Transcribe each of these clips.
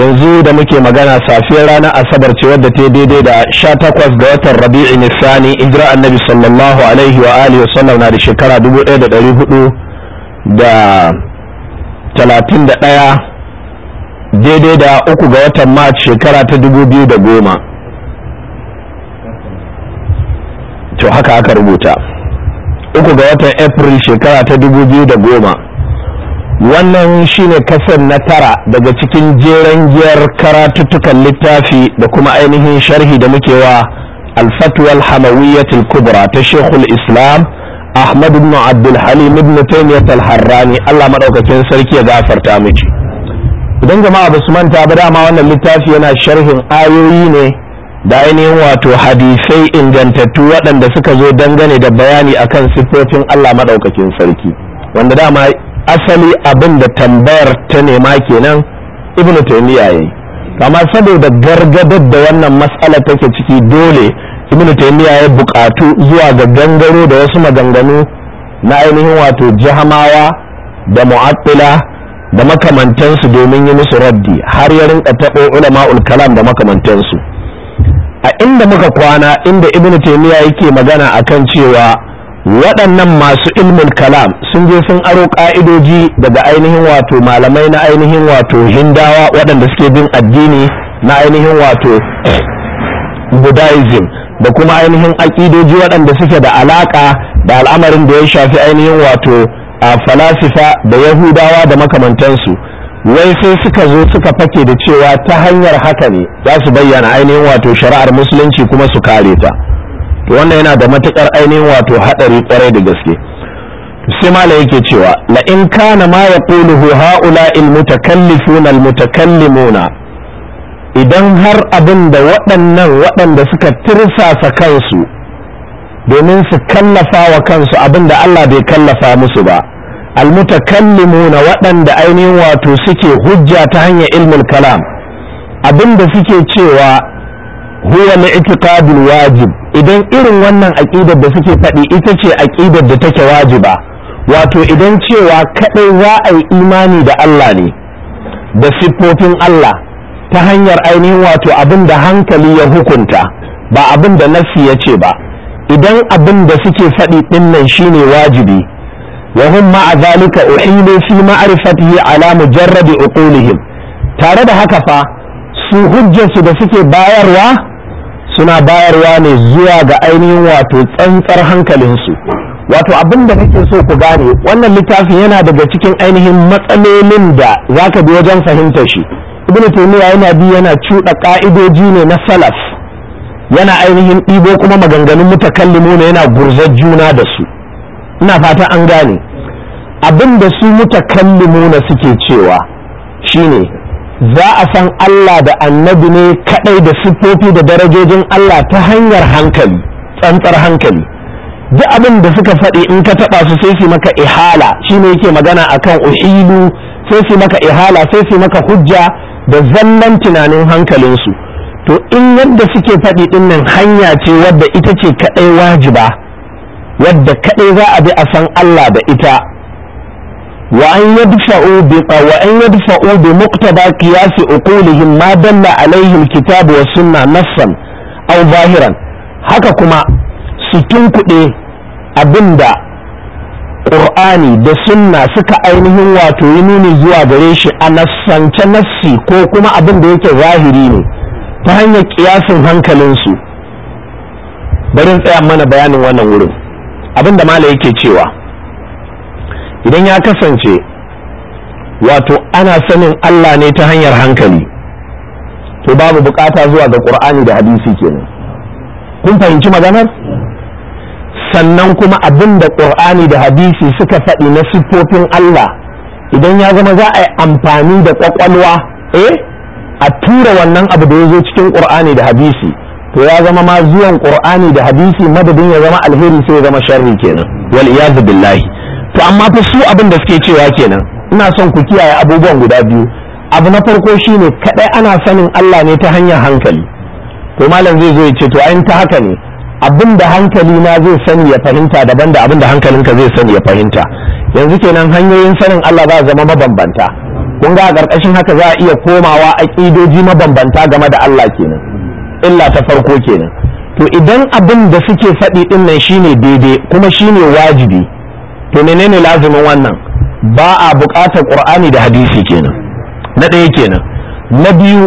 yanzu da muke magana safiyar ranar asabar ce wadda ta daidai da sha takwas ga watan rabi'i nisani hijira annabi sallallahu alaihi wa alihi wa sallam na da shekara dubu ɗaya da dari hudu da talatin da ɗaya daidai da uku ga watan mac shekara ta dubu biyu da goma to haka aka rubuta uku ga watan april shekara ta dubu biyu da goma wannan shine kasar na tara daga cikin jeren giyar karatuttukan littafi da kuma ainihin sharhi da muke wa alfatwal hamawiyyatul kubra ta shekul islam ahmad ibn abdul halim ibn taymiyyah al-harrani allah madaukakin sarki ya gafarta miki idan jama'a ba su manta ba dama wannan littafi yana sharhin ayoyi ne da ainihin wato hadisai ingantattu waɗanda suka zo dangane da bayani akan siffofin allah madaukakin sarki wanda dama asali abin da tambayar ta nema kenan ibnu taymiya yayi amma saboda gargadar da wannan matsala take ciki dole ibnu taymiya ya buƙatu zuwa ga gangaro da wasu maganganu na ainihin wato jahamawa da mu'attila da makamantansu domin yi musu raddi har ya rinka taɓo ulama'ul kalam da makamantansu a inda muka kwana inda ibnu taymiya yake magana akan cewa waɗannan masu ilmin kalam sun je sun aro ƙa'idoji daga ainihin wato malamai na ainihin wato hindawa waɗanda suke bin addini na ainihin wato budaizim da kuma ainihin aƙidoji waɗanda suke da alaƙa da al'amarin da ya shafi ainihin wato a falasifa da yahudawa da makamantansu wai sai suka zo suka fake da cewa ta hanyar haka ne za su bayyana ainihin wato shari'ar musulunci kuma su kare ta. to wannan yana da matukar ainihin wato hadari kwarai da gaske sai mala yake cewa la in kana ma yaquluhu haula al mutakallifuna al mutakallimuna idan har abin da waɗannan waɗanda suka tirsasa kansu domin su kallafa wa kansu abin da Allah bai kallafa musu ba al mutakallimuna waɗanda ainihin wato suke hujja ta hanyar ilmul kalam abin da suke cewa huwa na itiqadul wajib idan irin wannan aƙidar da suke faɗi ita ce aƙidar da take wajiba wato idan cewa kaɗai za a yi imani da Allah ne da siffofin Allah ta hanyar ainihin wato abin da hankali ya hukunta ba abin da nafsi ya ce ba idan abin da suke faɗi ɗin nan shine wajibi wa hum ma'a zalika uhilu fi ma'rifatihi ala mujarradi uqulihim tare da haka fa su hujjarsu da suke bayarwa suna bayarwa ne zuwa ga ainihin wato tsantsar hankalinsu wato abin da nake so ku gane wannan littafin yana daga cikin ainihin matsalolin da za ka bi wajen fahimta shi ibn taymiya yana bi yana cuɗa ƙa'idoji ne na salaf yana ainihin ɗibo kuma maganganun mutakallimu ne yana gurzar juna da su ina fata an gane abin da su mutakallimu na suke cewa shine za a san Allah da annabi ne kadai da siffofi da darajojin Allah ta hanyar hankali tsantsar hankali duk abin da suka faɗi in ka taɓa su sai su maka ihala shi ne yake magana akan uhilu sai su maka ihala sai su maka hujja da zannan tunanin hankalinsu to in yadda suke faɗi ɗin nan hanya ce wadda ita ce kaɗai wajiba wadda kaɗai za a bi a san Allah da ita وأن يدفعوا وأن يدفعوا بمقتضى قياس عقولهم ما دل عليه الكتاب والسنة نصا أو ظاهرا haka kuma su tunkuɗe abinda ƙur'ani da sunna suka ainihin wato yi nuni zuwa gare shi a nasance nassi ko kuma abin da yake zahiri ne ta hanyar kiyasin hankalinsu barin tsaya mana bayanin wannan wurin Abinda Malam yake cewa idan ya kasance wato ana sanin Allah ne ta hanyar hankali to babu bukata zuwa ga qur'ani da hadisi kenan kun fahimci maganar sannan kuma abin da qur'ani da hadisi suka faɗi na siffofin Allah idan ya zama za a yi amfani da ƙwaƙwalwa, eh a tura wannan abu da ya zo cikin ƙur'ani da hadisi to ya zama ma zuwan ƙur'ani da hadisi madadin ya zama alheri sai ya zama sharri kenan wal iyad billahi to amma fa su abin da suke cewa kenan ina son ku kiyaye abubuwan guda biyu abu na farko shine kadai ana sanin Allah ne ta hanyar hankali to malam zai zo ya ce to ayin ta haka ne abin da hankali na zai sani ya fahimta daban da abin da hankalinka zai sani ya fahimta yanzu kenan hanyoyin sanin Allah za zama mabambanta kun ga a ƙarƙashin haka za a iya komawa a aƙidoji mabambanta game da Allah kenan illa ta farko kenan to idan abin da suke faɗi ɗin nan shine daidai kuma shine wajibi to menene lazumin wannan ba a buƙatar qur'ani da hadisi kenan na ɗaya kenan na biyu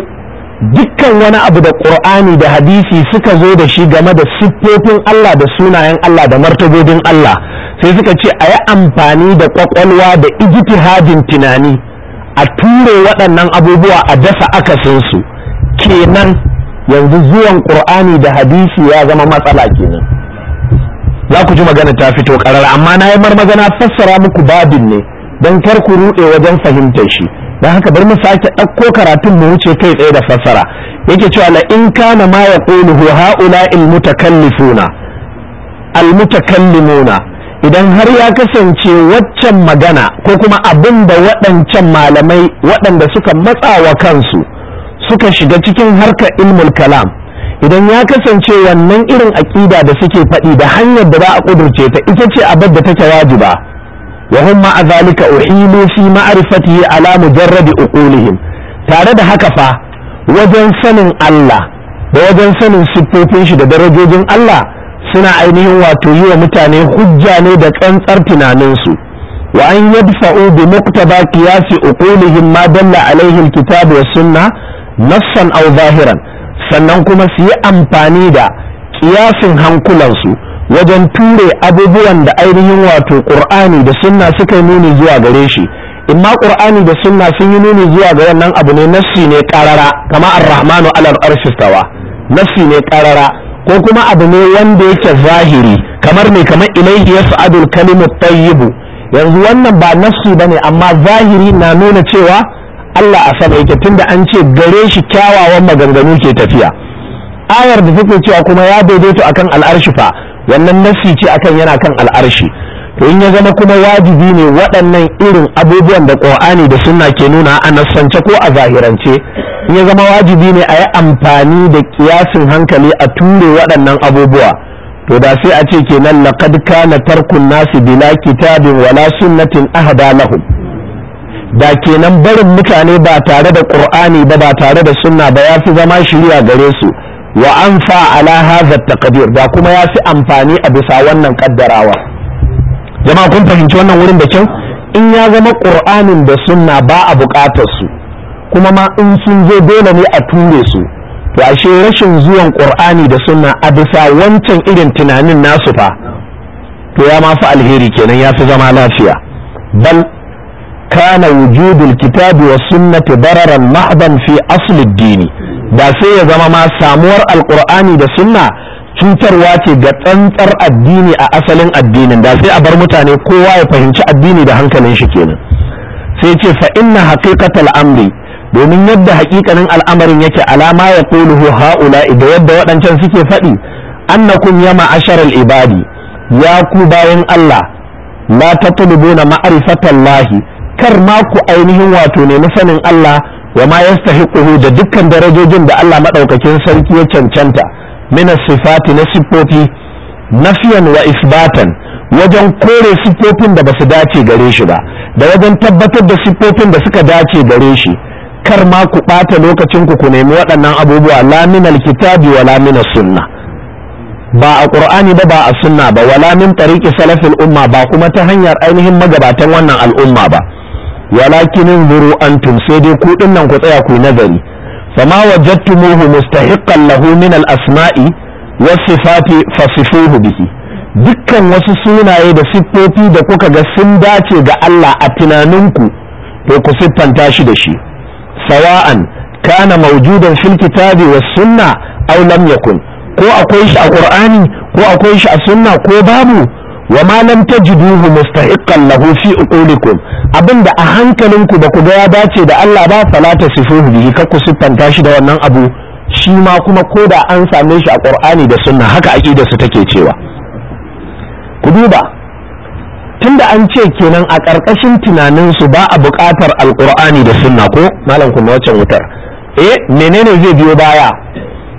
dukkan wani abu da qur'ani da hadisi suka zo da shi game da siffofin Allah da sunayen Allah da martabobin Allah sai suka ce a yi amfani da ƙwaƙwalwa da ijtihadin tunani a ture waɗannan abubuwa a dasa akasinsu kenan yanzu zuwan qur'ani da hadisi ya zama matsala kenan za ku ji magana ta fito karar amma na yi marmagana fassara muku babin ne don kar ku ruɗe wajen fahimtar shi don haka bari mu sake ɗauko karatun mu wuce kai tsaye da fassara yake cewa la in kana ma yaquluhu haula al mutakallifuna al mutakallimuna idan har ya kasance waccan magana ko kuma abin da waɗancan malamai waɗanda suka matsa wa kansu suka shiga cikin harkar ilmul kalam idan ya kasance wannan irin aƙida da suke faɗi da hanyar da za a ƙudurce ta ita ce abar da take wajiba wa hum ma'a zalika uhilu fi ma'rifatihi ala mujarradi uqulihim tare da haka fa wajen sanin Allah da wajen sanin siffofin shi da darajojin Allah suna ainihin wato yi wa mutane hujja ne da tsantsar tunaninsu wa an yadfa'u bi muqtaba qiyasi uqulihim ma dalla alaihi alkitab wa sunna nassan aw zahiran sannan kuma su yi amfani da kiyasin hankulansu wajen ture abubuwan da ainihin wato ƙur'ani da sunna suka yi nuni zuwa gare shi ma ƙur'ani da sunna sun yi nuni zuwa ga wannan abu ne nassi ne ƙarara kama ar-rahmanu alal arshistawa nassi ne ƙarara ko kuma abu ne wanda yake zahiri kamar ne kamar ilaihi sa'adul kalimut tayyibu yanzu wannan ba nassi ne amma zahiri na nuna cewa Allah a sama yake tunda an ce gare shi kyawawan maganganu ke tafiya ayar da take cewa kuma ya daidaito akan al'arshi fa wannan nasi ce akan yana kan al'arshi to in ya zama kuma wajibi ne waɗannan irin abubuwan da ƙur'ani da sunna ke nuna a nassance ko a zahirance in ya zama wajibi ne a yi amfani da kiyasin hankali a ture waɗannan abubuwa to da sai a ce kenan laqad kana tarkun nasi bila kitabin wala sunnatin ahada lahum da kenan barin mutane ba tare da qur'ani ba ba tare da sunna ba ya fi zama shiriya gare su wa anfa ala hadha taqdir da kuma ya fi amfani a bisa wannan kaddarawa jama'a kun fahimci wannan wurin da kyau in ya zama qur'anin da sunna ba a buƙatar su kuma ma in sun zo dole ne a ture su to ashe rashin zuwan qur'ani da sunna a bisa wancan irin tunanin nasu fa to ya ma fi alheri kenan ya fi zama lafiya bal kana wujudul kitabi wa sunnati dararan mahdan fi asli dini da sai ya zama ma samuwar alqur'ani da sunna cutarwa ce ga tsantsar addini a asalin addinin da sai a bar mutane kowa ya fahimci addini da hankalin shi kenan sai ce fa inna haqiqatal amri domin yadda haƙiƙanin al'amarin yake alama ya quluhu haula da yadda waɗancan suke faɗi annakum yama asharal ibadi ya ku bayan Allah la tatlubuna ma'rifatallahi kar ma ku ainihin wato na sanin Allah wa ma yastahiquhu da dukkan darajojin da Allah madaukakin sarki ya cancanta mina sifati na siffofi nafiyan wa isbatan wajen kore siffofin da basu dace gare shi ba da wajen tabbatar da siffofin da suka dace gare shi kar ma ku ɓata lokacin ku ku nemi waɗannan abubuwa la kitabi alkitabi wala sunna ba a qur'ani ba ba a sunna ba wala min tariqi salafil umma ba kuma ta hanyar ainihin magabatan wannan al'umma ba walakin zuru antum sai dai ku dinnan ku tsaya ku nazari fama wajadtumuhu mustahiqqan lahu min al-asma'i was sifati fasifuhu bihi dukkan wasu sunaye da siffofi da kuka ga sun dace ga Allah a tunaninku to ku siffanta shi da shi sawa'an kana maujudan fil kitabi was sunna aw lam yakun ko akwai shi a qur'ani ko akwai shi a sunna ko babu wa ma lam tajiduhu mustahiqqan lahu fi uqulikum abinda a hankalinku ba ku ga ya dace da Allah ba salata sifuhu bihi ka ku siffanta shi da wannan abu shi ma kuma ko da an same shi a Qur'ani da Sunna haka aqida su take cewa ku duba tunda an ce kenan a ƙarƙashin tunanin su ba a buƙatar alƙur'ani da sunna ko malam ku wacce wutar eh menene zai biyo baya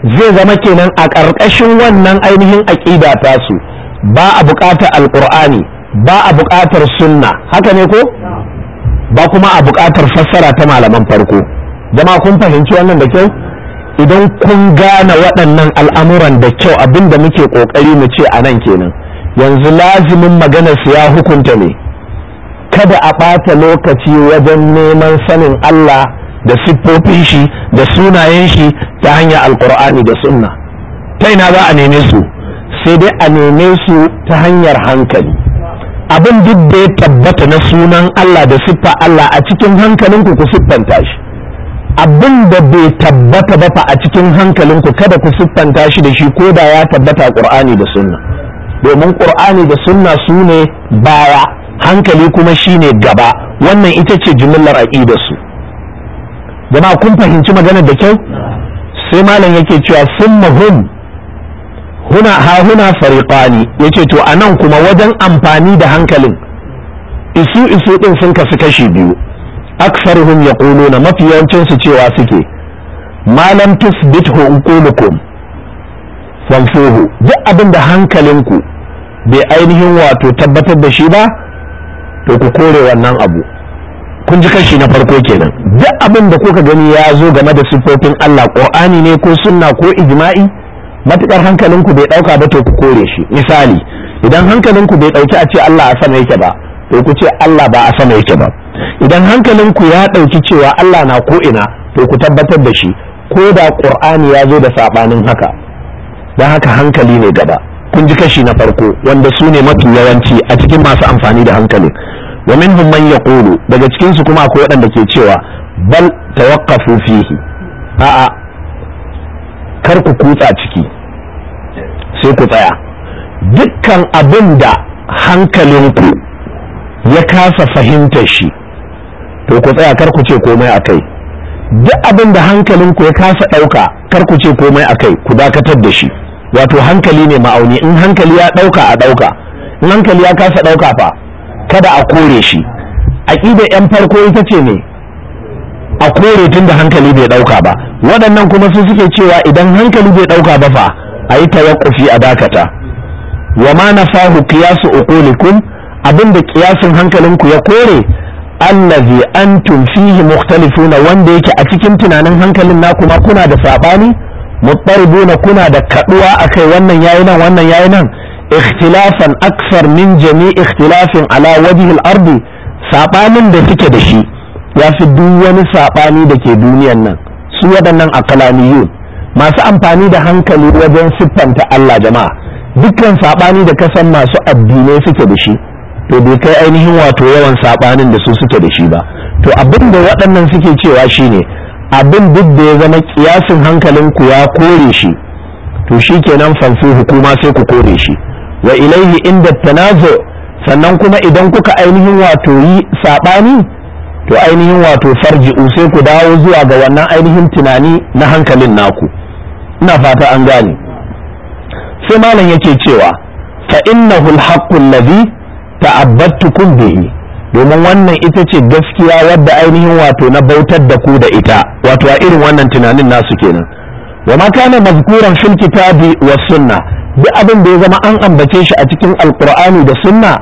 zai zama kenan a ƙarƙashin wannan ainihin aƙida ta su ba a buƙatar alƙur'ani ba a buƙatar sunna haka ne ko ba kuma a buƙatar fassara ta malaman farko jama kun fahimci wannan da kyau idan kun gane waɗannan al'amuran da kyau abin da muke ƙoƙari mu ce a nan kenan yanzu lazimin maganar su ya hukunta ne kada a ɓata lokaci wajen neman sanin Allah da siffofin shi da sunayen shi ta hanyar alƙur'ani da sunna ta ina za a neme su sai dai a neme su ta hanyar hankali abin duk da ya tabbata na sunan Allah da siffa Allah a cikin hankalinku ku siffanta shi abin da bai tabbata ba fa a cikin hankalinku kada ku siffanta shi da shi ko da ya tabbata Qur'ani da sunna domin Qur'ani da sunna su ne baya hankali kuma shine gaba wannan ita ce jimillar su jama'a kun fahimci maganar da kyau sai malam yake cewa sun summahum huna ha huna fariqani yace to anan kuma wajen amfani da hankalin isu isu din sun kasu kashi biyu aksaruhum yaquluna mafi yawancin su cewa suke malam tusbithu uqulukum famsuhu duk abin da hankalinku bai ainihin wato tabbatar da shi ba to ku kore wannan abu kun ji kashi na farko kenan duk abin da kuka gani ya zo game da siffofin Allah qur'ani ne ko sunna ko ijma'i matukar hankalinku bai ɗauka ba to ku kore shi misali idan hankalinku bai ɗauki a ce Allah a sama yake ba to ku ce Allah ba a sama yake ba idan hankalinku ya ɗauki cewa Allah na ko ina to ku tabbatar da shi ko da Ƙur'ani ya zo da saɓanin haka dan haka hankali ne gaba kun ji kashi na farko wanda su ne mafi yawanci a cikin masu amfani da hankalin wa minhum man yaqulu daga cikin su kuma akwai waɗanda ke cewa bal tawaqqafu fihi a'a kar ku kutsa ciki sai ku tsaya dukkan abin da hankalinku ya kasa fahimta shi to ku tsaya kar ku ce komai a kai duk abin da hankalinku ya kasa ɗauka kar ku ce komai a kai ku dakatar da shi wato hankali ne ma'auni in hankali ya ɗauka a ɗauka in hankali ya kasa ɗauka fa kada a kore shi aƙidar 'yan farko ita ce ne a kore tun da hankali bai ɗauka ba waɗannan kuma su suke cewa idan hankali bai ɗauka ba fa a yi tawakkufi a dakata wa ma fahu kiyasu uqulikum abinda kiyasin hankalinku ya kore allazi antum fihi mukhtalifuna wanda yake a cikin tunanin hankalin naku ma kuna da sabani mutaribuna kuna da kaduwa akai wannan yayi nan wannan yayi nan ikhtilafan akthar min jami'i ikhtilafin ala wajhi al-ardi sabanin da suke da shi ya fi duk wani sabani da ke duniyan nan su waɗannan akalaniyun masu amfani da hankali wajen siffanta Allah jama'a dukkan saɓani da kasan masu addinai suke da shi to bai kai ainihin wato yawan saɓanin da su suke da shi ba to abin da waɗannan suke cewa shine abin duk da ya zama kiyasin ku ya kore shi to shi kenan fansu hukuma sai ku kore shi wa ilaihi inda tanazo sannan kuma idan kuka ainihin wato yi saɓani to ainihin wato farji'u sai ku dawo zuwa ga wannan ainihin tunani na hankalin naku ina fata an gane sai malam yake cewa fa innahu alhaqqu alladhi ta'abbattukum bihi domin wannan ita ce gaskiya wadda ainihin wato na bautar da ku da ita wato a irin wannan tunanin nasu kenan wa ma kana mazkuran fil kitabi was sunna duk abin da ya zama an ambace shi a cikin alqur'ani da sunna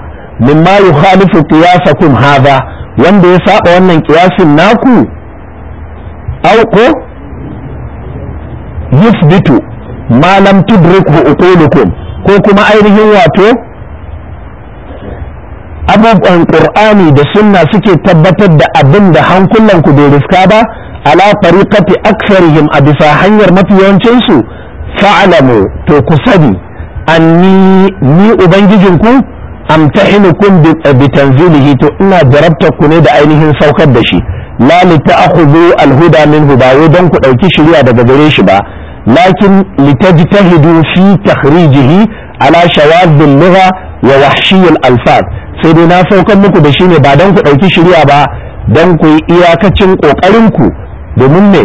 ma yukhalifu qiyasakum hadha wanda ya saba wannan ƙiyasin naku au ko yusbitu ma lam tudrikhu uqulukum ko kuma ainihin wato abubuwan qur'ani da sunna suke tabbatar da abinda hankulanku bai riska ba ala tariqati aktharihim a bisa hanyar mafi yawancin su fa'lamu to ku sani anni ni ubangijinku amtahinukum bi tanzilihi to ina jarabta ku ne da ainihin saukar da shi la li ta'khudhu al-huda ba wai don ku dauki shari'a daga gare shi ba lakin li tajtahidu fi takhrijihi ala shawad al-lugha wa wahshi al-alfaz sai dai na saukar muku da shine ba dan ku dauki shari'a ba don ku yi iyakacin kokarin ku domin ne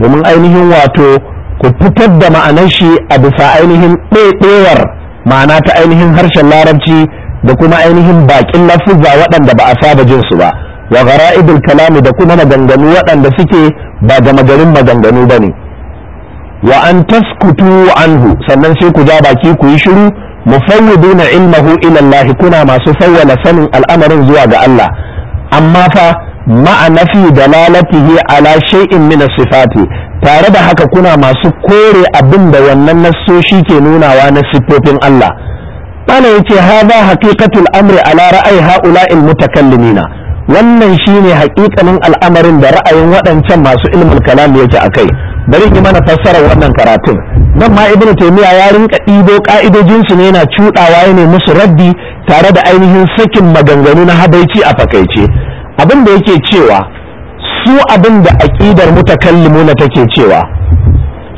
domin ainihin wato ku fitar da ma'anar shi a bisa ainihin ɗaiɗewar ma'ana ta ainihin harshen larabci da kuma ainihin bakin lafuzza waɗanda ba a saba jinsu ba wa gara'ibul kalami da kuma maganganu waɗanda suke ba gama garin maganganu ba ne wa an taskutu anhu sannan sai ku ja baki ku yi shiru mufawwiduna ilmahu ila Allah kuna masu fawwala sanin al'amarin zuwa ga Allah amma fa ma'anafi da dalalatihi ala shay'in min sifati tare da haka kuna masu kore abin da wannan nassoshi ke nunawa na siffofin Allah bana yace hadha haqiqatul amri ala ra'ayi ha'ula'il mutakallimina wannan shine hakikanin al'amarin da ra'ayin waɗancan masu ilmul kalam yake a kai, bari ki mana fassarar wannan karatun nan ma ibnu taymiya ya rinka ɗibo ka'idojin ne yana cuɗawa ya ne musu raddi tare da ainihin sakin maganganu na habaici a fakaice abin da yake cewa su abin da aqidar mutakallimuna take cewa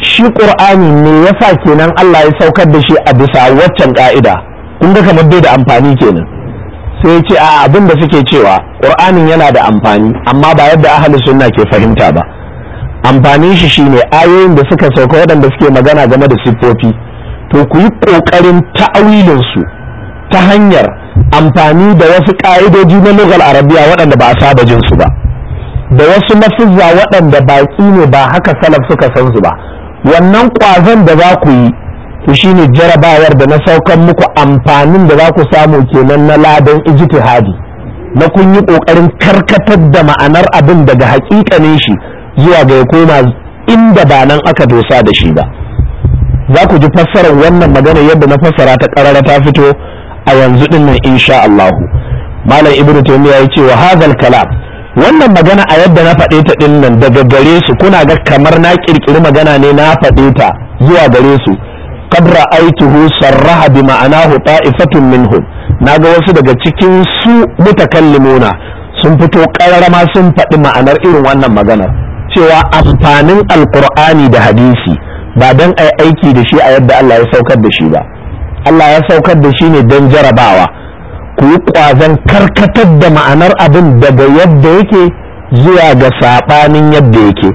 shi ƙur'ani ne yasa kenan Allah ya saukar da shi a bisa waccan ƙa'ida? kun ga kamar dai da amfani kenan sai ce a abin da suke cewa ƙur'anin yana da amfani amma ba yadda ahli sunna ke fahimta ba amfanin shi shine ayoyin da suka sauka waɗanda suke magana game da siffofi to ku yi ƙoƙarin ta'awilin su ta hanyar amfani da wasu ƙa'idoji na lugal arabiya waɗanda ba a saba jin su ba da wasu lafuzza waɗanda baƙi ne ba haka salaf suka san su ba wannan ƙwazon da za ku yi to shine jarabawar da na saukan muku amfanin da za ku samu kenan na ladan ijtihadi na kun yi kokarin karkatar da ma'anar abin daga hakikanin shi zuwa ga ya koma inda ba nan aka dosa da shi ba za ku ji fassarar wannan magana yadda na fassara ta karara ta fito a yanzu din nan insha Allah malam ibnu taymiya ya ce wa hadhal kalam wannan magana a yadda na faɗe ta din nan daga gare su kuna ga kamar na kirkiri magana ne na faɗe ta zuwa gare su qad ra'aytuhu sarraha bi ma'anahu ta'ifatun minhum naga wasu daga cikin su mutakallimuna sun fito kararama sun faɗi ma'anar irin wannan maganar cewa amfanin alqur'ani da hadisi ba dan ai aiki da shi a yadda Allah ya saukar da shi ba Allah ya saukar da shi ne don jarabawa ku yi ƙwazon karkatar da ma'anar abin daga yadda yake zuwa ga saɓanin yadda yake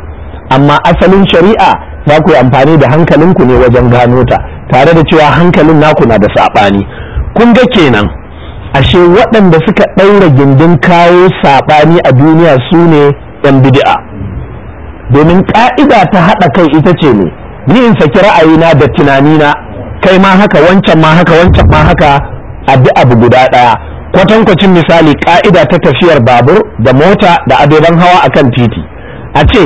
amma asalin shari'a za ku yi amfani da hankalinku ne wajen gano ta tare da cewa hankalin naku na da saɓani kun ga kenan ashe waɗanda suka ɗaura gindin kawo saɓani a duniya su ne ɗan bidi'a domin ƙa'ida ta haɗa kai ita ce ne ni in saki ra'ayina da tunanina kai ma haka wancan ma haka wancan ma haka abi abu guda ɗaya kwatankwacin misali ƙa'ida ta tafiyar babur da mota da adoban hawa akan titi a ce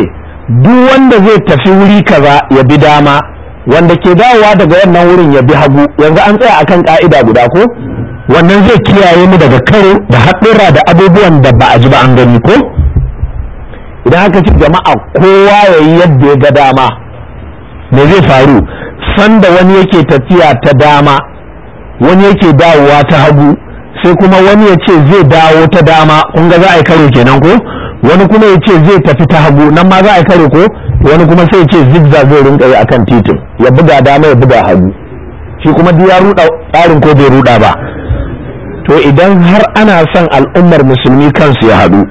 duk wanda zai tafi wuri kaza ya bi dama wanda ke dawowa daga wannan wurin ya bi hagu yanzu an tsaya akan ka'ida guda ko wannan zai kiyaye mu daga karo da haɗura da abubuwan da ba a ji ba an gani ko idan aka ci jama'a kowa ya yi yadda ya ga dama me zai faru sanda wani yake tafiya ta dama wani yake dawowa ta hagu sai kuma wani ya ce zai dawo ta dama kun ga za a yi karo kenan ko wani kuma ya ce zai tafi ta hagu nan ma za a yi karo ko wani kuma sai ce zigzag zai rinka yi akan titin ya buga dama ya buga hagu shi kuma duk ya ruda tsarin ko bai ruda ba to idan har ana son al'ummar musulmi kansu ya haɗu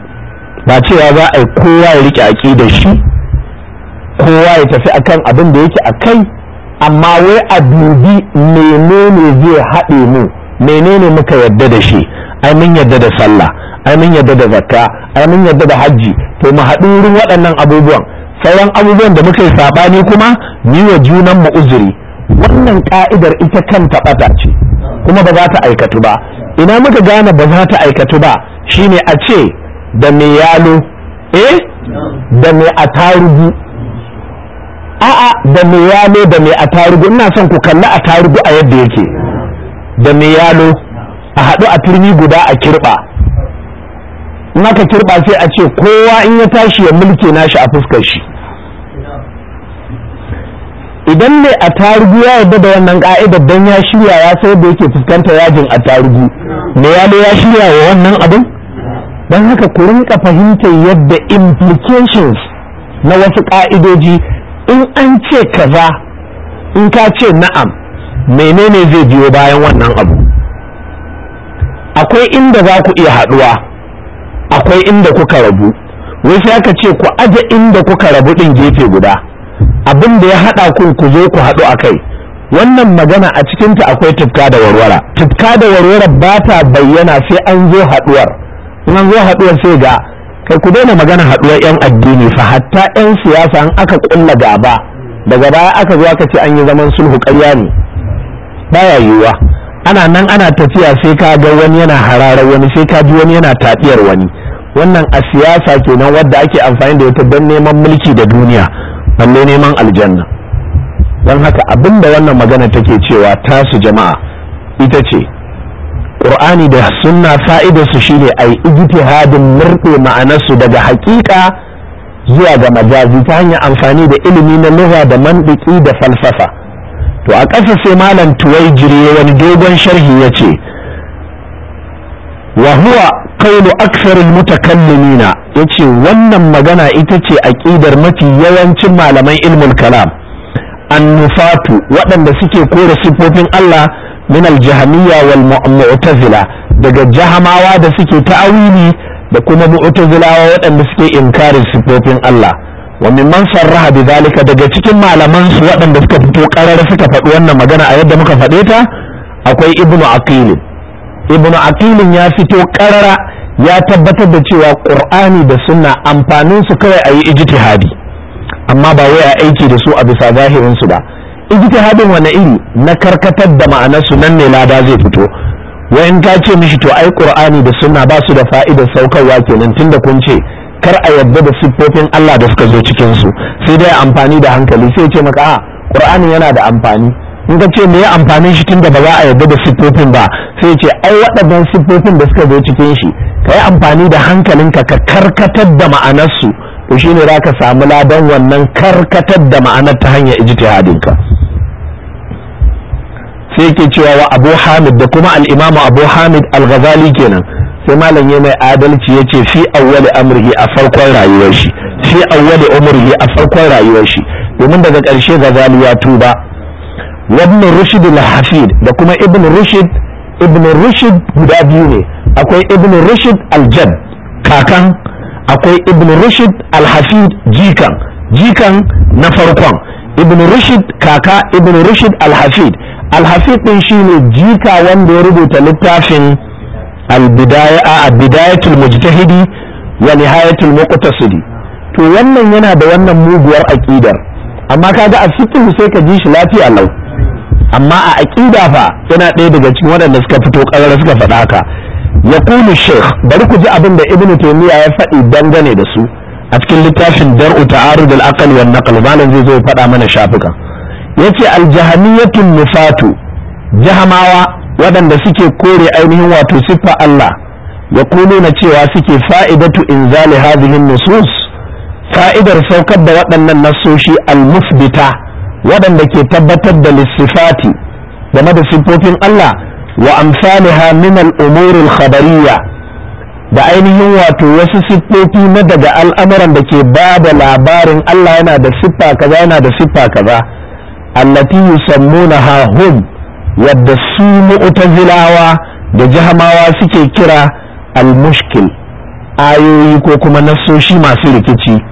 ba cewa za a yi kowa ya rike da shi kowa ya tafi akan abin da yake a kai amma wai a dubi menene zai haɗe mu menene muka yadda da shi ai mun yadda da sallah ai mun yadda da zakka ai mun yadda da hajji to mu haɗu wurin waɗannan abubuwan sauran abubuwan da muka yi sabani kuma ni wa junan mu uzuri wannan ka'idar ita kanta taɓata ce kuma ba za ta aikatu ba ina muka gane ba za ta aikatu ba shine a ce da me yalo eh da me atarugu a'a da me yalo da me atarugu ina son ku kalli atarugu a yadda yake da me yalo a haɗu a turmi guda a kirɓa in aka kirɓa sai a ce kowa in ya tashi ya mulke nashi a fuskar shi idan mai attarugu ya yarda da wannan ka'idar dan ya shirya ya sai da yake fuskanta yajin attarugu me ya ya shirya wa wannan abin don haka ku rinka fahimtar yadda implications na wasu ka'idoji in an ce kaza in ka ce na'am menene zai biyo bayan wannan abu akwai inda za ku iya haɗuwa akwai inda kuka rabu wai sai aka ce ku aje inda kuka rabu din gefe guda abin da ya haɗa kun ku zo ku haɗu a kai wannan magana a cikinta akwai tufka da warwara tufka da warwara ba ta bayyana sai an zo haɗuwar in an zo haɗuwar sai ga kai ku daina magana haɗuwar 'yan addini fa hatta 'yan siyasa an aka ƙulla gaba daga baya aka zo aka ce an yi zaman sulhu ƙarya ne baya yiwuwa ana nan ana tafiya sai ka ga wani yana hararar wani sai ka ji wani yana tafiyar wani wannan a siyasa kenan wadda ake amfani da ita don neman mulki da duniya balle neman aljanna don haka abinda wannan magana take cewa tasu jama'a ita ce ƙur'ani da sunna fa'idarsu shine a yi igiti hadin murɗe ma'anarsu daga haƙiƙa zuwa ga majazi ta hanyar amfani da ilimi na lugha da mandiki da falsafa to a ƙasa sai malam tuwai jiri wani dogon sharhi ya ce wa qawlu aktharil mutakallimina yace wannan magana ita ce aqidar mafi yawancin malaman ilmul kalam annufatu waɗanda suke kore sifofin Allah min aljahmiya wal mu'tazila daga jahamawa da suke ta'awili da kuma mu'tazilawa waɗanda suke inkarin sifofin Allah wa mimman sarraha bidhalika daga cikin malamansu waɗanda suka fito ƙarar suka faɗi wannan magana a yadda muka faɗe ta akwai ibnu aqil ibnu aqil ya fito ƙarara ya tabbatar da cewa ƙur'ani da sunna amfanin su kawai a yi ijtihadi amma ba wai a aiki da su a bisa zahirin su ba ijtihadin wani iri na karkatar da ma'anar su nan ne lada zai fito wai in ka ce mishi to ai ƙur'ani da sunna ba su da fa'idar saukarwa kenan tunda kun ce kar a yarda da siffofin Allah da suka zo cikin su sai dai amfani da hankali sai ce maka a ƙur'ani yana da amfani in ka ce me amfanin shi tunda ba za a yarda da siffofin ba sai ce ai waɗannan siffofin da suka zo cikin shi ka yi amfani da hankalinka ka karkatar da ma'anarsu to shine za ka samu ladan wannan karkatar da ma'anar ta hanyar ijtihadinka sai ke cewa wa abu hamid da kuma al'imamu abu hamid al-ghazali kenan sai malam ya mai adalci ya ce fi awwali amrihi a farkon rayuwar shi fi awwali umrihi a farkon rayuwar shi domin daga ƙarshe ghazali ya tuba wannan al الحفيد da kuma ibn rashid ibn rashid guda biyu ne akwai ibn al aljad kakan akwai ibn al alhafid jikan jikan na farkon ibn rashid kaka ibn rushd alhafid alhafi din shine jika wanda ya rubuta littafin al-bidayatul mujtahidi wa nihayatul muqtasidi to wannan yana da wannan muguwar aqidar amma kaga a cikin sai ka ji shi lafiya lau amma a aƙida fa yana ɗaya daga cikin waɗanda suka fito ƙarar suka faɗa ka. ya kulu sheikh bari ku ji abin da ibnu taymiya ya faɗi dangane da su a cikin littafin dar'u ta'arud al-aql wan naql malan zai zo ya faɗa mana shafukan yace al jahaniyatu nufatu jahamawa waɗanda suke kore ainihin wato siffa Allah ya na cewa suke fa'idatu inzali hadhihi nusus fa'idar saukar da waɗannan nasoshi al-musbita waɗanda ke tabbatar da lissifati game da siffofin Allah wa amsaliha min al-umuril khabariyya da ainihin wato wasu siffofi na daga al'amuran da ke ba da labarin Allah yana da siffa kaza yana da siffa kaza allati yusammunaha hum yadda su mu'tazilawa da jahamawa suke kira al-mushkil ayoyi ko kuma nasoshi masu rikici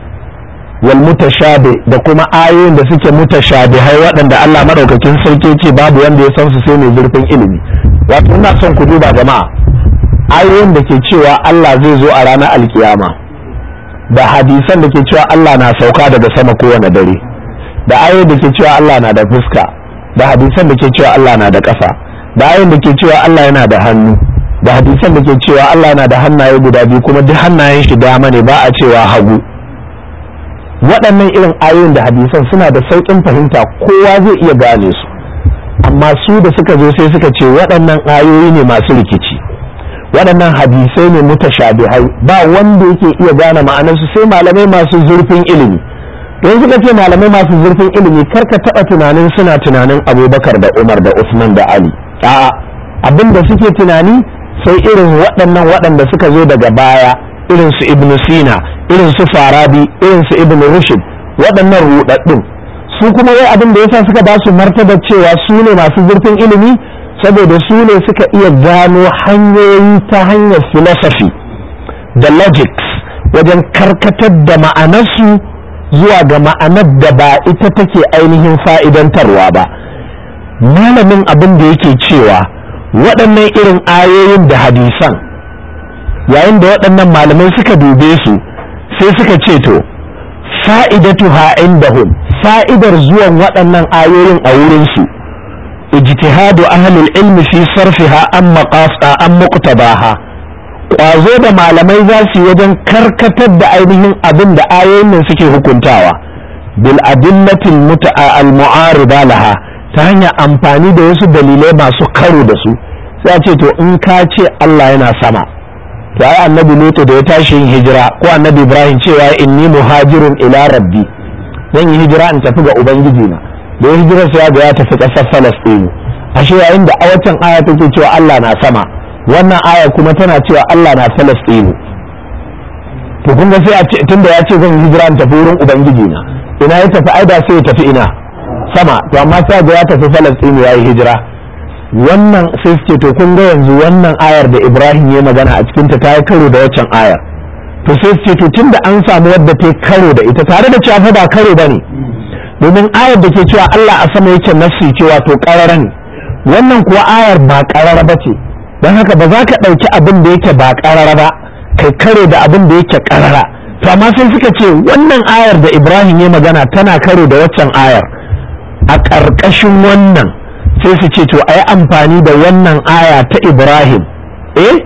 wal mutashabi da kuma ayoyin da suke mutashabihai waɗanda Allah madaukakin sarki ce babu wanda ya san su sai mai zurfin ilimi wato ina son ku duba jama'a ayoyin da ke cewa Allah zai zo a ranar alkiyama da hadisan da ke cewa Allah na sauka daga sama kowane dare da ayoyin da ke cewa Allah na da fuska da hadisan da ke cewa Allah na da ƙasa. da ayoyin da ke cewa Allah yana da hannu da hadisan da ke cewa Allah yana da hannaye guda biyu kuma duk hannayen shi dama ne ba a cewa hagu waɗannan irin ayoyin da hadisan suna da sauƙin fahimta kowa zai iya gane su amma su da suka zo sai suka ce waɗannan ayoyi ne masu rikici waɗannan hadisai ne mutashabihai ba wanda yake iya gane ma'anarsu sai malamai masu zurfin ilimi don suka ce malamai masu zurfin ilimi kar ka taɓa tunanin suna tunanin abubakar da umar da usman da ali a'a abin da suke tunani sai irin waɗannan waɗanda suka zo daga baya irin su ibn sina irin su farabi irin su ibn rushd waɗannan rudaddun su kuma yi abin da yasa suka ba su martaba cewa su ne masu zurfin ilimi saboda su ne suka iya gano hanyoyi ta hanyar philosophy da logics wajen karkatar da ma'anarsu zuwa ga ma'anar da ba ita take ainihin fa'idantarwa ba malamin abin da yake cewa waɗannan irin ayoyin da hadisan yayin da waɗannan malamai suka dube su sai suka ce to fa'idatu da indahum fa'idar zuwan waɗannan ayoyin a wurin wurinsu ijtihadu ahlul ilmi fi sarfiha an maqasa an muqtadaha ƙwazo da malamai za su wajen karkatar da ainihin abin da ayoyin nan suke hukuntawa bil adillati muta'a al mu'arida laha ta hanyar amfani da wasu dalilai masu karo da su sai a ce to in ka ce Allah yana sama to ai annabi lutu da ya tashi yin hijira ko annabi ibrahim cewa inni muhajirun ila rabbi zan yi hijira in tafi ga ubangiji na da hijira sai ga ya tafi kasar falastinu ashe yayin da a waccan aya take cewa Allah na sama wannan aya kuma tana cewa Allah na falastinu to kun ga sai a ce tunda ya ce zan yi hijira in tafi wurin ubangiji na ina ya tafi aida sai ya tafi ina sama to amma sai ga ya tafi falastinu ya yi hijira wannan sai suke to kun ga yanzu wannan ayar da ibrahim ya magana a cikinta ta yi karo da waccan ayar to sai suke to tun da an samu wadda ta yi karo da ita tare da cewa ba karo ba ne domin ayar da ke cewa allah a sama yake nasu cewa to karara ne wannan kuwa ayar ba karara ba ce don haka ba za ka ɗauki abin da yake ba karara ba kai karo da abin da yake karara to amma sai suka ce wannan ayar da ibrahim ya magana tana karo da waccan ayar a ƙarƙashin wannan sai su ce to a yi amfani da wannan aya ta ibrahim eh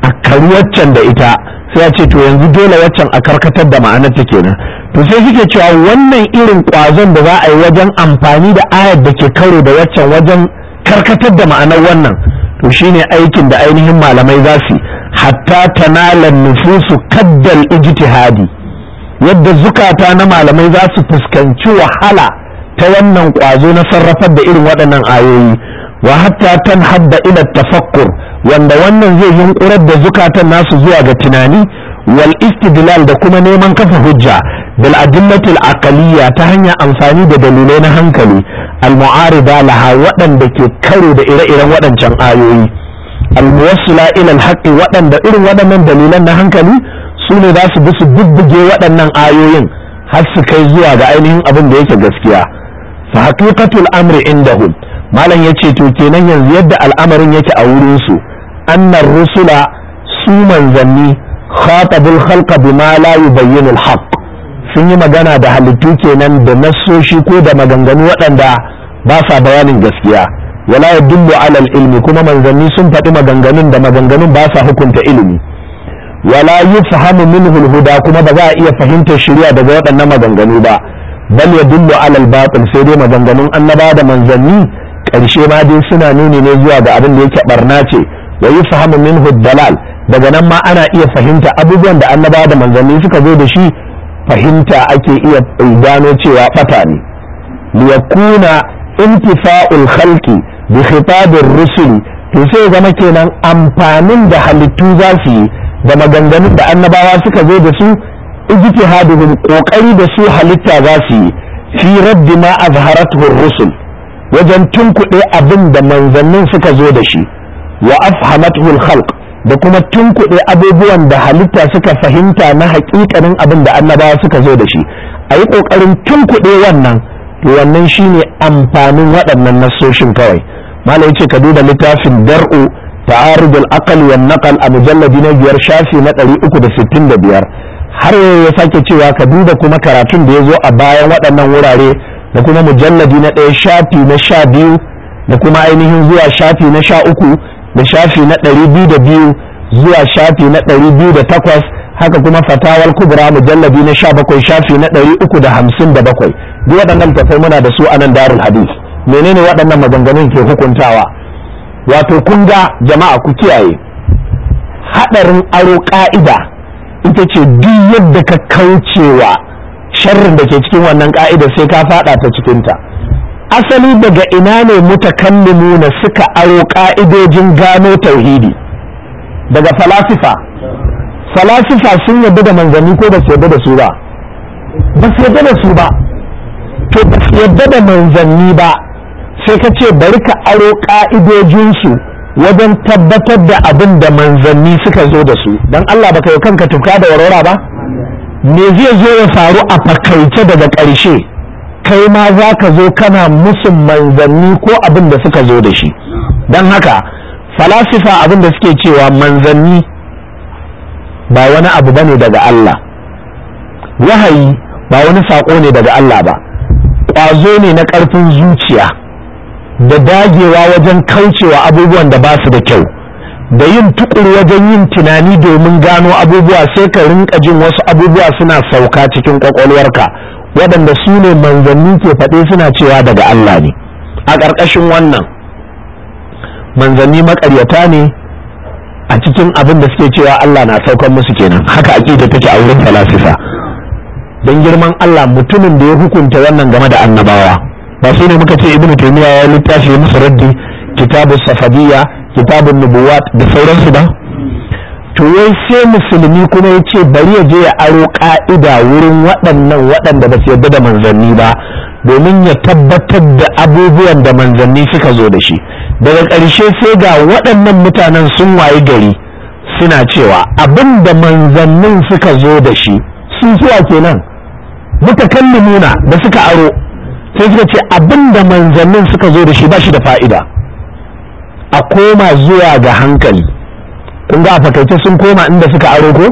a kari waccan da ita sai a ce to yanzu dole waccan a karkatar da ma'anarta kenan to sai suke cewa wannan irin kwazon da za a yi wajen amfani da ayar da ke karo da waccan wajen karkatar da ma'anar wannan to shine aikin da ainihin malamai za su hatta tanalan nufusu kaddal ijtihadi yadda zukata na malamai za su fuskanci wahala ta wannan ƙwazo na sarrafar da irin waɗannan ayoyi wa hatta tan hadda ila tafakkur wanda wannan zai yunkurar da zukatan nasu zuwa ga tunani wal istidlal da kuma neman kafa hujja bil adillatil aqaliyya ta hanyar amfani da dalilai na hankali al mu'arida laha waɗanda ke karo da ire-iren waɗancan ayoyi al muwassila ila al haqqi waɗanda irin waɗannan dalilan na hankali su ne za su bi su bubbuge waɗannan ayoyin har su kai zuwa ga ainihin abin da yake gaskiya fa haqiqatul amri indahum malam yace to kenan yanzu yadda al'amarin yake a wurin su annar rusula su manzanni khatabul khalqa bima la yubayyinu haq sun yi magana da halittu kenan da nassoshi ko da maganganu waɗanda ba sa bayanin gaskiya wala yadullu ala ilmi kuma manzanni sun faɗi maganganun da maganganun ba sa hukunta ilimi wala yufhamu minhu al kuma ba za a iya fahimtar shari'a daga waɗannan maganganu ba bal yadullu ala alal batil sai dai maganganun annaba da manzanni ƙarshe ma dai suna nuni ne zuwa ga abin da yake barna ce wa yufhamu minhu dalal daga nan ma ana iya fahimta abubuwan da annaba da manzanni suka zo da shi fahimta ake iya gano cewa bata ne liyakuna intifa'ul khalqi bi khitabir rusul to sai zama kenan amfanin da halittu za su yi da maganganun da annabawa suka zo da su ijtihaduhum kokari da su halitta za su yi fi raddi ma azharatuhu rusul wajen tunkuɗe abin da manzannin suka zo da shi wa afhamatuhu al-khalq da kuma tunkuɗe abubuwan da halitta suka fahimta na haƙiƙanin abin da annabawa suka zo da shi a yi ƙoƙarin tunkuɗe wannan wannan shine amfanin waɗannan nassoshin kawai malam yace ka duba littafin dar'u ta'arud al-aql wa naqal a mujalladi na biyar shafi na ɗari uku da da sittin biyar. har ya sake cewa ka duba kuma karatun da ya zo a bayan waɗannan wurare da kuma mujalladi na ɗaya shafi na sha biyu da kuma ainihin zuwa shafi na sha uku da shafi na ɗari biyu da biyu zuwa shafi na ɗari biyu da takwas haka kuma fatawar kubra mujalladi na sha bakwai shafi na ɗari uku da hamsin da bakwai duk waɗannan tafai muna da su a nan darul hadis menene waɗannan maganganun ke hukuntawa wato kun ga jama'a ku kiyaye haɗarin aro ƙa'ida ita ce duk yadda ka kaucewa sharrin da ke cikin wannan ka'idar sai ka fada ta cikinta asali daga ina ne na suka aro ka'idojin gano tauhidi daga falasifa falasifa sun yadda da manzanni ko ba su yadda da su ba ba su yadda da su ba to ba su yadda da manzanni ba sai ka ce bari ka aro ka'idojinsu wajen tabbatar da abin da manzanni suka zo da su don Allah baka yi kanka tuka da warwara ba me zai zo ya faru a fakaice daga ƙarshe kai ma za ka zo kana musu manzanni ko abin da suka zo da shi don haka falasifa abin da suke cewa manzanni ba wani abu ba ne daga Allah wahayi ba wani saƙo ne daga Allah ba ƙwazo ne na ƙarfin zuciya da dagewa wajen kaucewa abubuwan da ba su da kyau da yin tukuru wajen yin tunani domin gano abubuwa sai ka rinka jin wasu abubuwa suna sauka cikin kwakwalwarka waɗanda su ne manzanni ke faɗe suna cewa daga Allah ne a ƙarƙashin wannan manzanni maƙaryata ne a cikin abin da suke cewa Allah na saukar musu kenan haka aƙida take a wurin falasifa don girman Allah mutumin da ya hukunta wannan game da annabawa ba su ne muka ce ibnu taymiya ya littafi musu raddi kitabu safadiyya kitabun nubuwat da sauransu ba to yai sai musulmi kuma ya ce bari ya je ya aro ka'ida wurin waɗannan waɗanda ba su yarda da manzanni ba domin ya tabbatar da abubuwan da manzanni suka zo da shi daga ƙarshe sai ga waɗannan mutanen sun wayi gari suna cewa abin da manzannin suka zo da shi sun zuwa kenan mutakallin nuna da suka aro sai suka ce abin da manzannin suka zo da shi ba shi da fa'ida a koma zuwa ga hankali kun ga a fakaice sun koma inda suka aro ko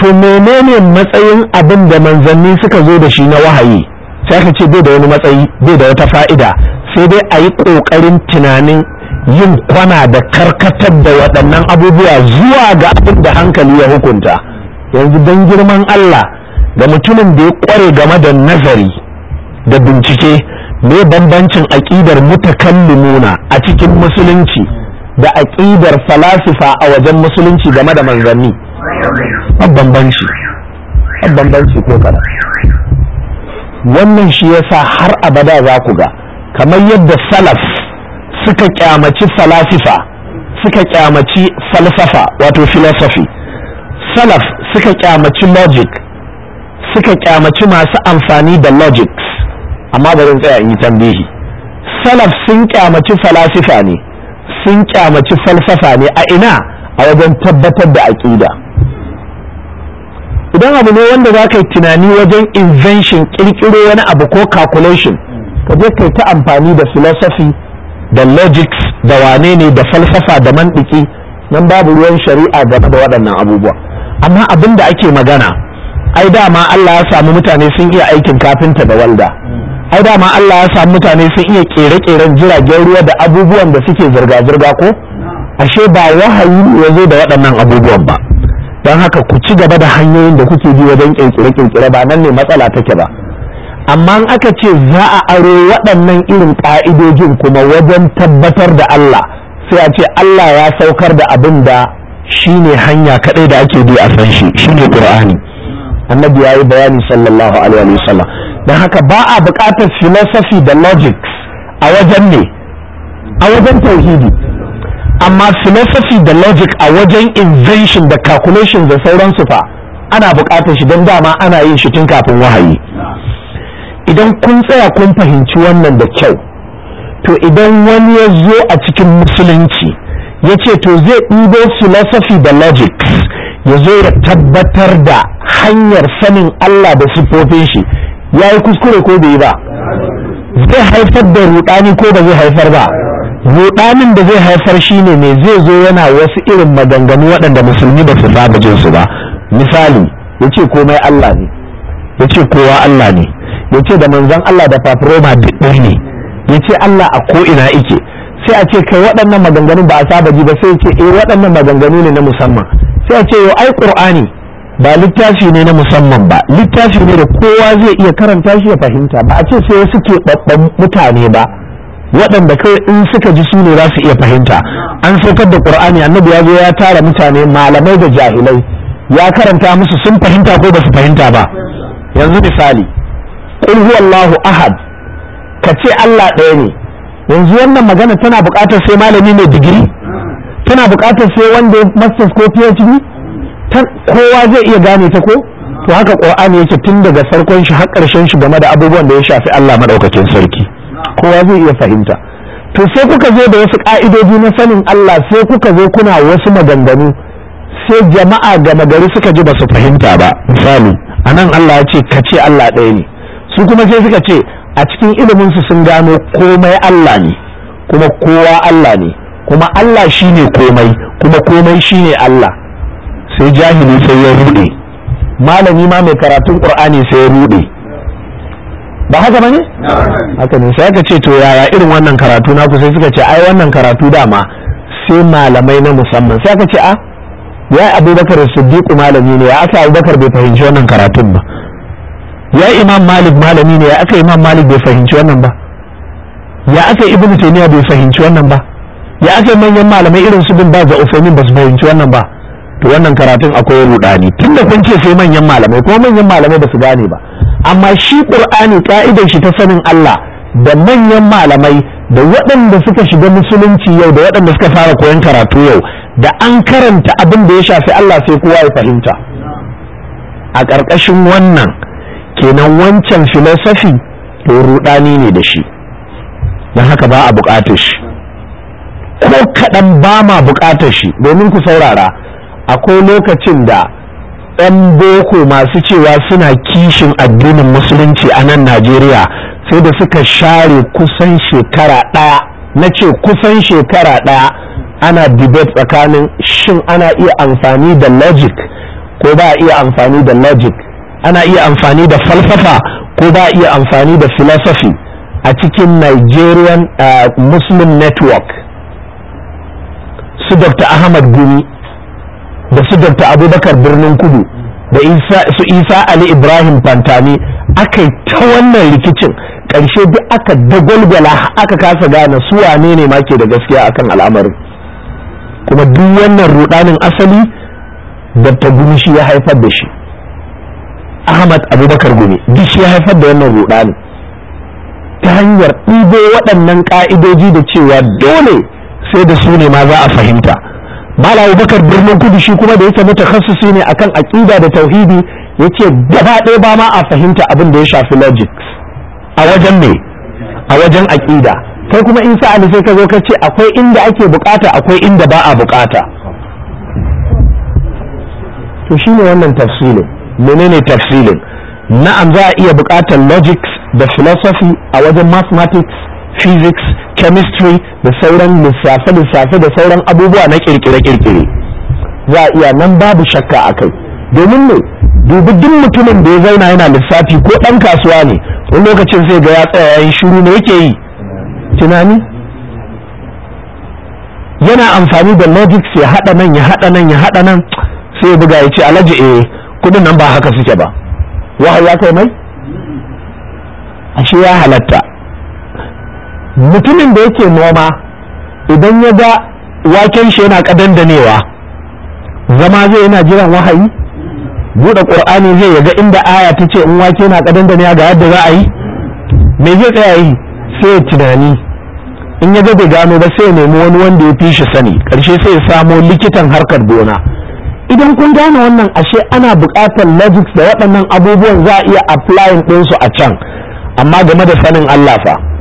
to menene matsayin abin da manzanni suka zo da shi na wahayi sai aka ce bai da wani matsayi bai da wata fa'ida sai dai a yi ƙoƙarin tunanin yin kwana da karkatar da waɗannan abubuwa zuwa ga abin da hankali ya hukunta yanzu don girman Allah ga mutumin da ya ƙware game da nazari da bincike me bambancin aƙidar mutakallimuna a cikin musulunci da aƙidar falasifa a wajen musulunci game da manzanni bambanci bambanci ko kada wannan shi yasa har abada za ku ga kamar yadda salaf suka kyamaci falasifa suka kyamaci falsafa wato philosophy salaf suka kyamaci logic suka kyamaci masu amfani da logics amma bari tsaya in yi tambihi salaf sun kyamaci falasifa ne sun kyamaci falsafa ne a ina a wajen tabbatar da aƙida idan abu ne wanda za ka yi tunani wajen invention kirkiro wani abu ko calculation ka je kai ta amfani da philosophy da logics da wane ne da falsafa da mantiki nan babu ruwan shari'a da da waɗannan abubuwa amma abin da ake magana ai dama Allah ya samu mutane sun iya aikin kafinta da walda ai dama Allah ya samu mutane sun iya kere-keren jiragen ruwa da abubuwan da suke zirga-zirga ko ashe ba wahayi ne ya zo da waɗannan abubuwan ba don haka ku ci gaba da hanyoyin da kuke bi wajen kirkire-kirkire ba nan ne matsala take ba amma in aka ce za a aro waɗannan irin ƙa'idojin kuma wajen tabbatar da Allah sai a ce Allah ya saukar da abin da shine hanya kaɗai da ake bi a san shi shine Qur'ani annabi ya yi bayani sallallahu alaihi wasallam don haka ba a buƙatar philosophy da logics a wajen ne a wajen tauhidi amma philosophy da logic a wajen invention da calculation da sauransu fa ana buƙatar shi don dama ana yin shi tun kafin wahayi idan kun tsaya kun fahimci wannan da kyau to idan wani ya zo a cikin musulunci ya ce to zai ɗibo philosophy da logics ya zo ya tabbatar da hanyar sanin Allah da sifofin shi ya yi kuskure ko bai ba zai haifar da rudani ko ba zai haifar ba rudanin da zai haifar shi ne mai zai zo yana wasu irin maganganu waɗanda musulmi ba su saba jin su ba misali ya ce komai Allah ne ya ce kowa Allah ne ya ce da manzon Allah da fafiroma duk ne ya ce Allah a ko'ina ike sai a ce kai waɗannan maganganun ba a saba ji ba sai ce eh waɗannan maganganu ne na musamman sai a ce yau ai qur'ani ba littafi ne na musamman ba littafi ne da kowa zai iya karanta shi ya fahimta ba a ce sai wasu ke babban mutane ba waɗanda kai in suka ji su ne za su iya fahimta an saukar da ƙur'ani annabi ya zo ya tara mutane malamai da jahilai ya karanta musu sun fahimta ko ba su fahimta ba yanzu misali qul huwallahu ahad ka ce Allah ɗaya ne yanzu wannan magana tana buƙatar sai malami mai digiri tana bukatar sai wanda ya masters ko phd kowa zai iya gane ta ko to haka qur'ani yake tun daga farkon shi har ƙarshen shi game da abubuwan da ya shafi Allah madaukakin sarki kowa zai iya fahimta to sai kuka zo da wasu ƙa'idodi na sanin Allah sai kuka zo kuna wasu maganganu sai jama'a gama gari suka ji ba su fahimta ba misali anan Allah ya ce ka ce Allah ɗaya ne su kuma sai suka ce a cikin ilimin su sun gano komai Allah ne kuma kowa Allah ne kuma Allah shi ne komai kuma komai shi ne Allah sai jahili sai ya rude malami ma mai karatun qur'ani sai ya rude ba haka bane haka ne sai aka ce to yaya irin wannan karatu na ku sai suka ce ai wannan karatu dama sai malamai na musamman sai aka ce a ah, ya abubakar siddiqu malami ne ya aka abubakar bai fahimci wannan karatun ba ya imam malik malami ne ya aka imam malik bai fahimci wannan ba ya aka ibnu taymiya bai fahimci wannan ba ya ake manyan malamai irin su bin ba za ofemin ba su fahimci wannan ba to wannan karatun akwai rudani tun kun ce sai manyan malamai kuma manyan malamai ba su gane ba amma shi ƙur'ani ka'idar shi ta sanin Allah da manyan malamai da waɗanda suka shiga musulunci yau da waɗanda suka fara koyon karatu yau da an karanta abin da ya shafi Allah sai kowa ya fahimta a ƙarƙashin wannan kenan wancan filosofi to rudani ne da shi don haka ba a buƙatar shi ko kaɗan ba ma buƙatar shi domin ku saurara akwai lokacin da ɗan boko masu cewa suna kishin addinin musulunci a nan najeriya sai da suka share kusan shekara ɗaya na ce kusan shekara ɗaya ana debate tsakanin shin ana iya amfani da logic ko ba iya amfani da logic ana iya amfani da falsafa ko ba iya amfani da philosophy a cikin nigerian uh, muslim network su dr ahmad gumi da su dr abubakar birnin kudu da su isa ali ibrahim Fantani aka yi ta wannan rikicin ƙarshe duk aka dagwalgwala aka kasa gane su wane ne ma ke da gaskiya akan al'amarin kuma duk wannan rudanin asali dr gumi shi ya haifar da shi ahmad abubakar gumi duk shi ya haifar da wannan rudanin ta hanyar ɗibo waɗannan ƙa'idoji da cewa dole sai da su ne ma za a fahimta mala abubakar birnin kudu shi kuma da yake mutakhasisi ne akan aqida da tauhidi yace gaba ɗaya ba ma a fahimta abin da ya shafi logics a wajen me a wajen aqida kai kuma in sa'ali sai ka zo ka ce akwai inda ake bukata akwai inda ba a bukata to shine wannan tafsilin menene tafsilin na'am za a iya bukatar logics da philosophy a wajen mathematics physics chemistry da sauran lissafe-lissafe da sauran abubuwa na kirkire-kirkire za a iya nan babu shakka a kai domin ne dubi duk mutumin da ya zauna yana lissafi ko ɗan kasuwa ne wani lokacin sai ga ya tsaya yayin shiru ne yake yi tunani yana amfani da logic ya haɗa nan ya haɗa nan ya haɗa nan sai ya buga ya ce alhaji eh kudin nan ba haka suke ba wahayi ya kai mai ashe ya halatta mutumin da yake noma idan ya ga waken shi yana danewa zama zai yana jiran wahayi buɗe ƙur'ani zai ya ga inda aya ta ce in wake na kadandanewa ga yadda za a yi me zai tsaya yi sai tunani in ya ga bai gano ba sai ya nemi wani wanda ya fi shi sani ƙarshe sai ya samo likitan harkar gona idan kun gane wannan ashe ana buƙatar logics da waɗannan abubuwan za a iya applying ɗinsu a can amma game da sanin Allah fa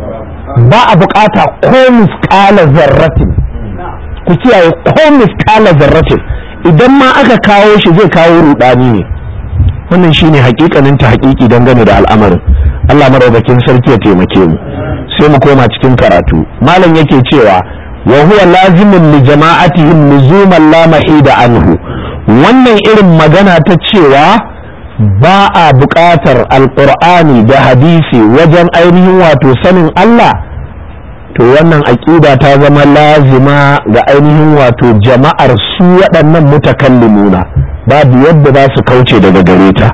ba a bukata ko miskala zarratin ku kiyaye ko miskala zarratin idan ma aka kawo shi zai kawo rudani ne wannan shine hakikanin ta hakiki dangane da al'amarin Allah madaukakin sarki ya taimake mu sai mu koma cikin karatu malam yake cewa wa huwa lazimun li jama'atihim nuzuman la da anhu wannan irin magana ta cewa ba a buƙatar alƙur'ani da hadisi wajen ainihin wato sanin Allah to wannan aƙida ta zama lazima ga ainihin wato jama'ar su waɗannan mutakallimuna babu yadda za su kauce daga gare ta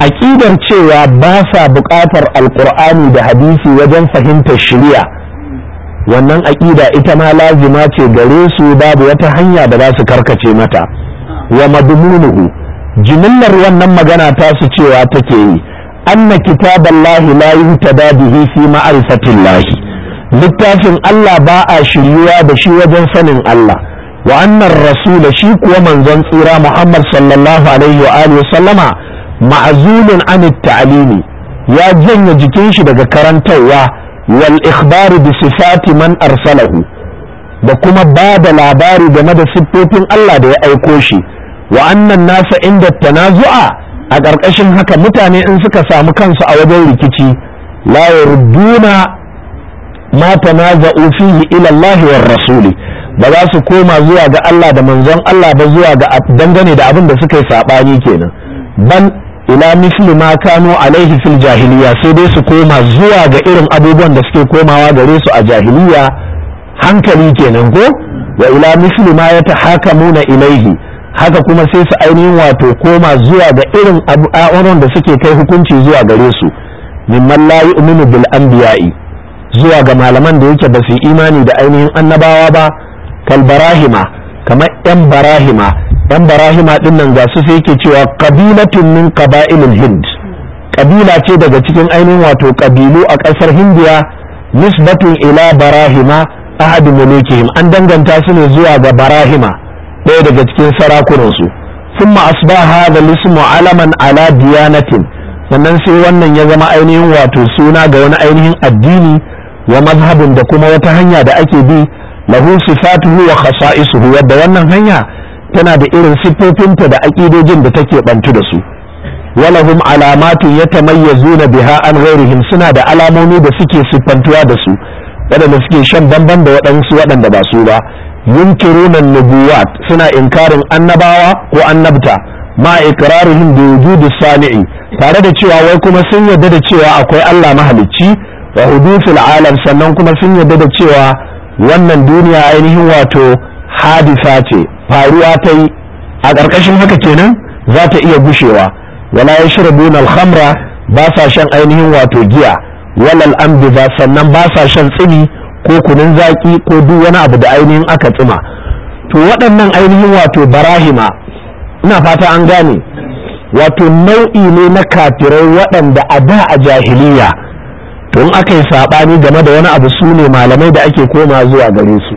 aƙidar cewa ba sa buƙatar alƙur'ani da hadisi wajen fahimtar shari'a wannan aƙida ita ma lazima ce gare su babu wata hanya da za su karkace mata wa madmunuhu jimillar wannan magana ta su cewa take yi anna kitaballahi la yuhtada bihi fi ma'rifatillahi littafin Allah ba a shiryuwa da shi wajen sanin Allah wa annar rasul shi kuwa manzon tsira Muhammad sallallahu alaihi wa alihi sallama ma'zulun an ya janye jikin shi daga karantarwa wal ikhbaru bi sifati man arsalahu da kuma ba da labari game da siffofin Allah da ya aiko shi wa annan nasa inda tanazu'a a ƙarƙashin haka mutane in suka samu kansu a wajen rikici la yurduna ma tanaza'u fihi ila Allah war rasuli ba za su koma zuwa ga Allah da manzon Allah ba zuwa ga dangane da abin da suka yi sabani kenan ban ila misli ma kanu alaihi fil jahiliya sai dai su koma zuwa ga irin abubuwan da suke komawa gare su a jahiliya hankali kenan ko wa ila misli ma hakamuna ilaihi haka kuma sai su ainihin wato koma zuwa ga irin abu'a'uran da suke kai hukunci zuwa gare su mimman layi, yu'minu bil anbiya'i zuwa ga malaman da yake ba su imani da ainihin annabawa ba Kalbarahima. barahima kamar yan barahima yan barahima din nan ga su sai yake cewa qabilatun min qaba'ilil hind kabila ce daga cikin ainihin wato kabilu a kasar hindiya nisbatun ila barahima ahadu mulukihim an danganta su ne zuwa ga barahima ɗaya daga cikin sarakunansu sun asba hada lismu alaman ala diyanatin sannan sai wannan ya zama ainihin wato suna ga wani ainihin addini wa mazhabin da kuma wata hanya da ake bi lahu sifatuhu wa khasa'isuhu wadda wannan hanya tana da irin siffofinta da aƙidojin da take bantu da su walahum alamatun yatamayyazuna biha an ghairihim suna da alamomi da suke siffantuwa da su waɗanda suke shan bamban da waɗansu waɗanda ba su ba yunkiruna nubuwat suna inkarin annabawa ko annabta ma iqrarihim bi wujudi sani'i tare da cewa wai kuma sun yarda da cewa akwai Allah mahalicci wa hudusul alam sannan kuma sun yarda da cewa wannan duniya ainihin wato hadisa ce faruwa ta yi a ƙarƙashin haka kenan za ta iya gushewa wala yashrabuna al-khamra ba sa shan ainihin wato giya walal anbiza sannan ba sa shan tsini ko kunun zaki ko duk wani abu da ainihin aka tsima, to waɗannan ainihin wato barahima ina fata an gane wato nau'i ne na kafirai waɗanda a da a jahiliya to in aka yi saɓani game da wani abu su ne malamai da ake koma zuwa gare su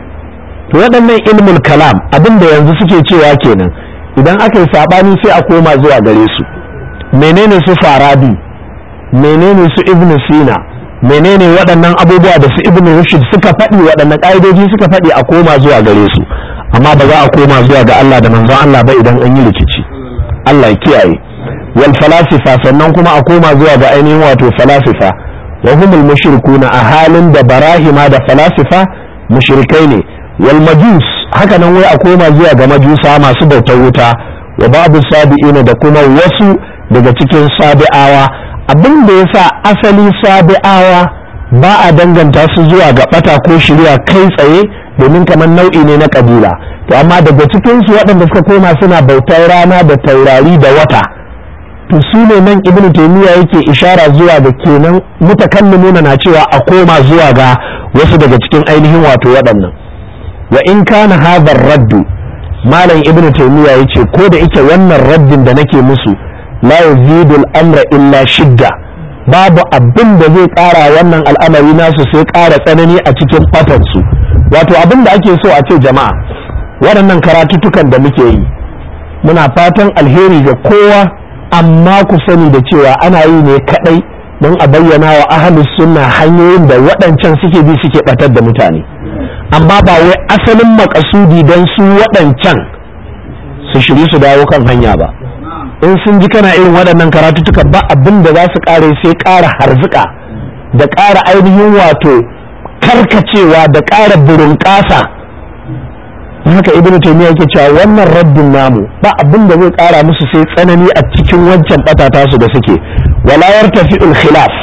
to waɗannan ilmul kalam abinda yanzu suke cewa kenan idan aka yi saɓani sai a koma zuwa gare su menene su farabi menene su ibn sina menene waɗannan abubuwa da su Ibn rushd suka faɗi waɗannan ƙa'idoji suka faɗi a koma zuwa gare su amma ba za a koma zuwa ga Allah da manzon Allah ba idan an yi rikici Allah ya kiyaye wal falasifa sannan kuma a koma zuwa ga ainihin wato falasifa wa humul mushrikuna a halin da barahima da falasifa mushrikai ne wal majus haka nan wai a koma zuwa ga majusa masu bautar wuta wa babu sabi'ina da kuma wasu daga cikin sabi'awa abin da ya sa asali sabi'awa ba a danganta su zuwa ga bata ko shirya kai tsaye domin kamar nau'i ne na kabila to amma daga cikinsu waɗanda suka koma suna bautar rana da taurari da wata to su ne nan ibnu taymiya yake ishara zuwa da kenan nuna na cewa a koma zuwa ga wasu daga cikin ainihin wato waɗannan wa in kana hadha raddu malam ibnu taymiya yace ko da ike wannan raddin da nake musu la yazidul amra illa shidda babu abin da zai ƙara wannan al'amari nasu sai ƙara tsanani a cikin batansu wato abin da ake so a ce jama'a waɗannan karatutukan da muke yi muna fatan alheri ga kowa amma ku sani da cewa ana yi ne kaɗai don a bayyana wa ahalus sunna hanyoyin da waɗancan suke bi suke ɓatar da mutane amma ba wai asalin makasudi don su waɗancan su shiri su dawo kan hanya ba in sun ji kana irin waɗannan karatuttuka ba abin da za su ƙare sai ƙara harzuka da ƙara ainihin wato karkacewa da ƙara ƙasa haka ibnu taymiya yake cewa wannan rabbin namu ba abin da zai ƙara musu sai tsanani a cikin wancan batata su da suke wala yartafi'ul khilaf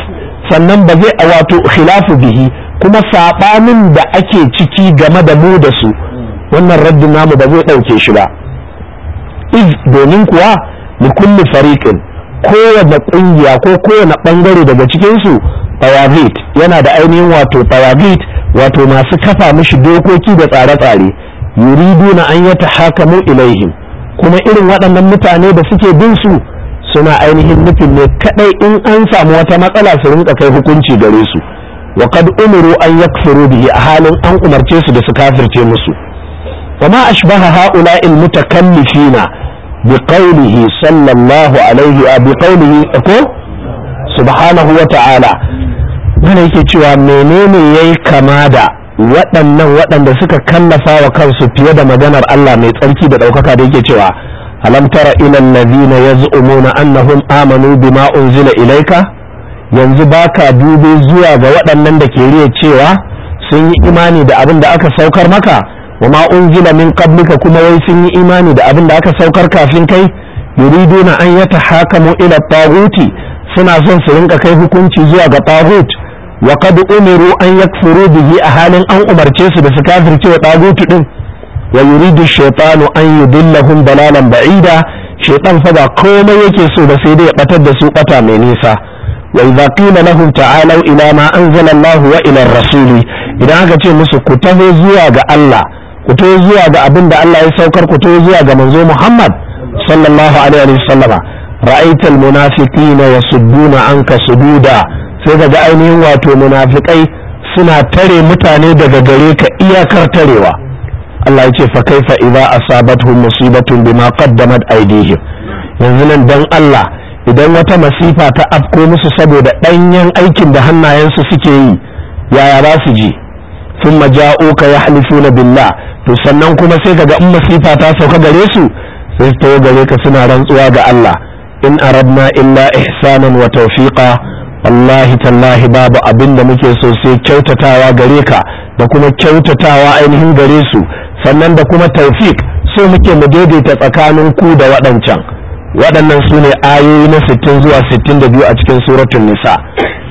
sannan ba zai wato khilafu bihi kuma saɓanin da ake ciki game da mu da su wannan rabbin namu ba zai ɗauke shi ba iz domin kuwa li kulli fariqin kowane kungiya ko kowane bangare daga cikin su tawagit yana da ainihin wato tawagit wato masu kafa mishi dokoki da tsare-tsare yuriduna an yata hakamu ilaihim kuma irin waɗannan mutane da suke bin su suna ainihin nufin ne kadai in an samu wata matsala su rinka kai hukunci gare su wa kad umiru an yakfuru bihi a halin an umarce su da su kafirce musu wa ma ashbaha haula'il mutakallifina بقوله صلى الله عليه بقوله أكو سبحانه وتعالى من cewa menene yayi kama da waɗannan waɗanda suka kallafa wa kansu fiye da maganar Allah mai tsarki da ɗaukaka da yake cewa alam tara ila allazina yaz'umuna annahum amanu bima unzila ilayka yanzu baka dube zuwa ga waɗannan da ke riya cewa sun yi imani da abin da aka saukar maka wa ma unzila min qablika kuma wai sun yi imani da abin da aka saukar kafin kai na an yatahakamu ila taghuti suna son su rinka kai hukunci zuwa ga taghut wa qad umiru an yakfuru bihi a halin an umarce su da su kafirce wa taghutu din wa yuridu shaytanu an yudillahum dalalan ba'ida shaytan fa komai yake so da sai dai ya batar da su bata mai nisa wa na qila lahum ta'alu ila ma anzala Allah wa ila rasuli idan aka ce musu ku taho zuwa ga Allah ku to zuwa ga abin da Allah ya saukar ku to zuwa ga manzo Muhammad sallallahu alaihi wa sallama ra'aita almunafiqina yasudduna anka sududa sai ga ainihin wato munafikai suna tare mutane daga gare ka iyakar tarewa Allah ya ce fa kaifa idza asabatuhum musibatun bima qaddamat aydihim yanzu nan dan Allah idan wata masifa ta afko musu saboda danyen aikin da hannayensu suke yi yaya ba su ji ya halifu na billah to sannan kuma sai kaga in masifa ta sauka gare su sai su tawo gare ka suna rantsuwa ga Allah in aradna illa ihsanan wa tawfiqa wallahi tallahi babu abin da muke so sai kyautatawa gare ka da kuma kyautatawa ainihin gare su sannan da kuma tawfiq so muke mu daidaita tsakanin ku da waɗancan waɗannan su ne ayoyi na sittin zuwa sittin da biyu a cikin suratun nisa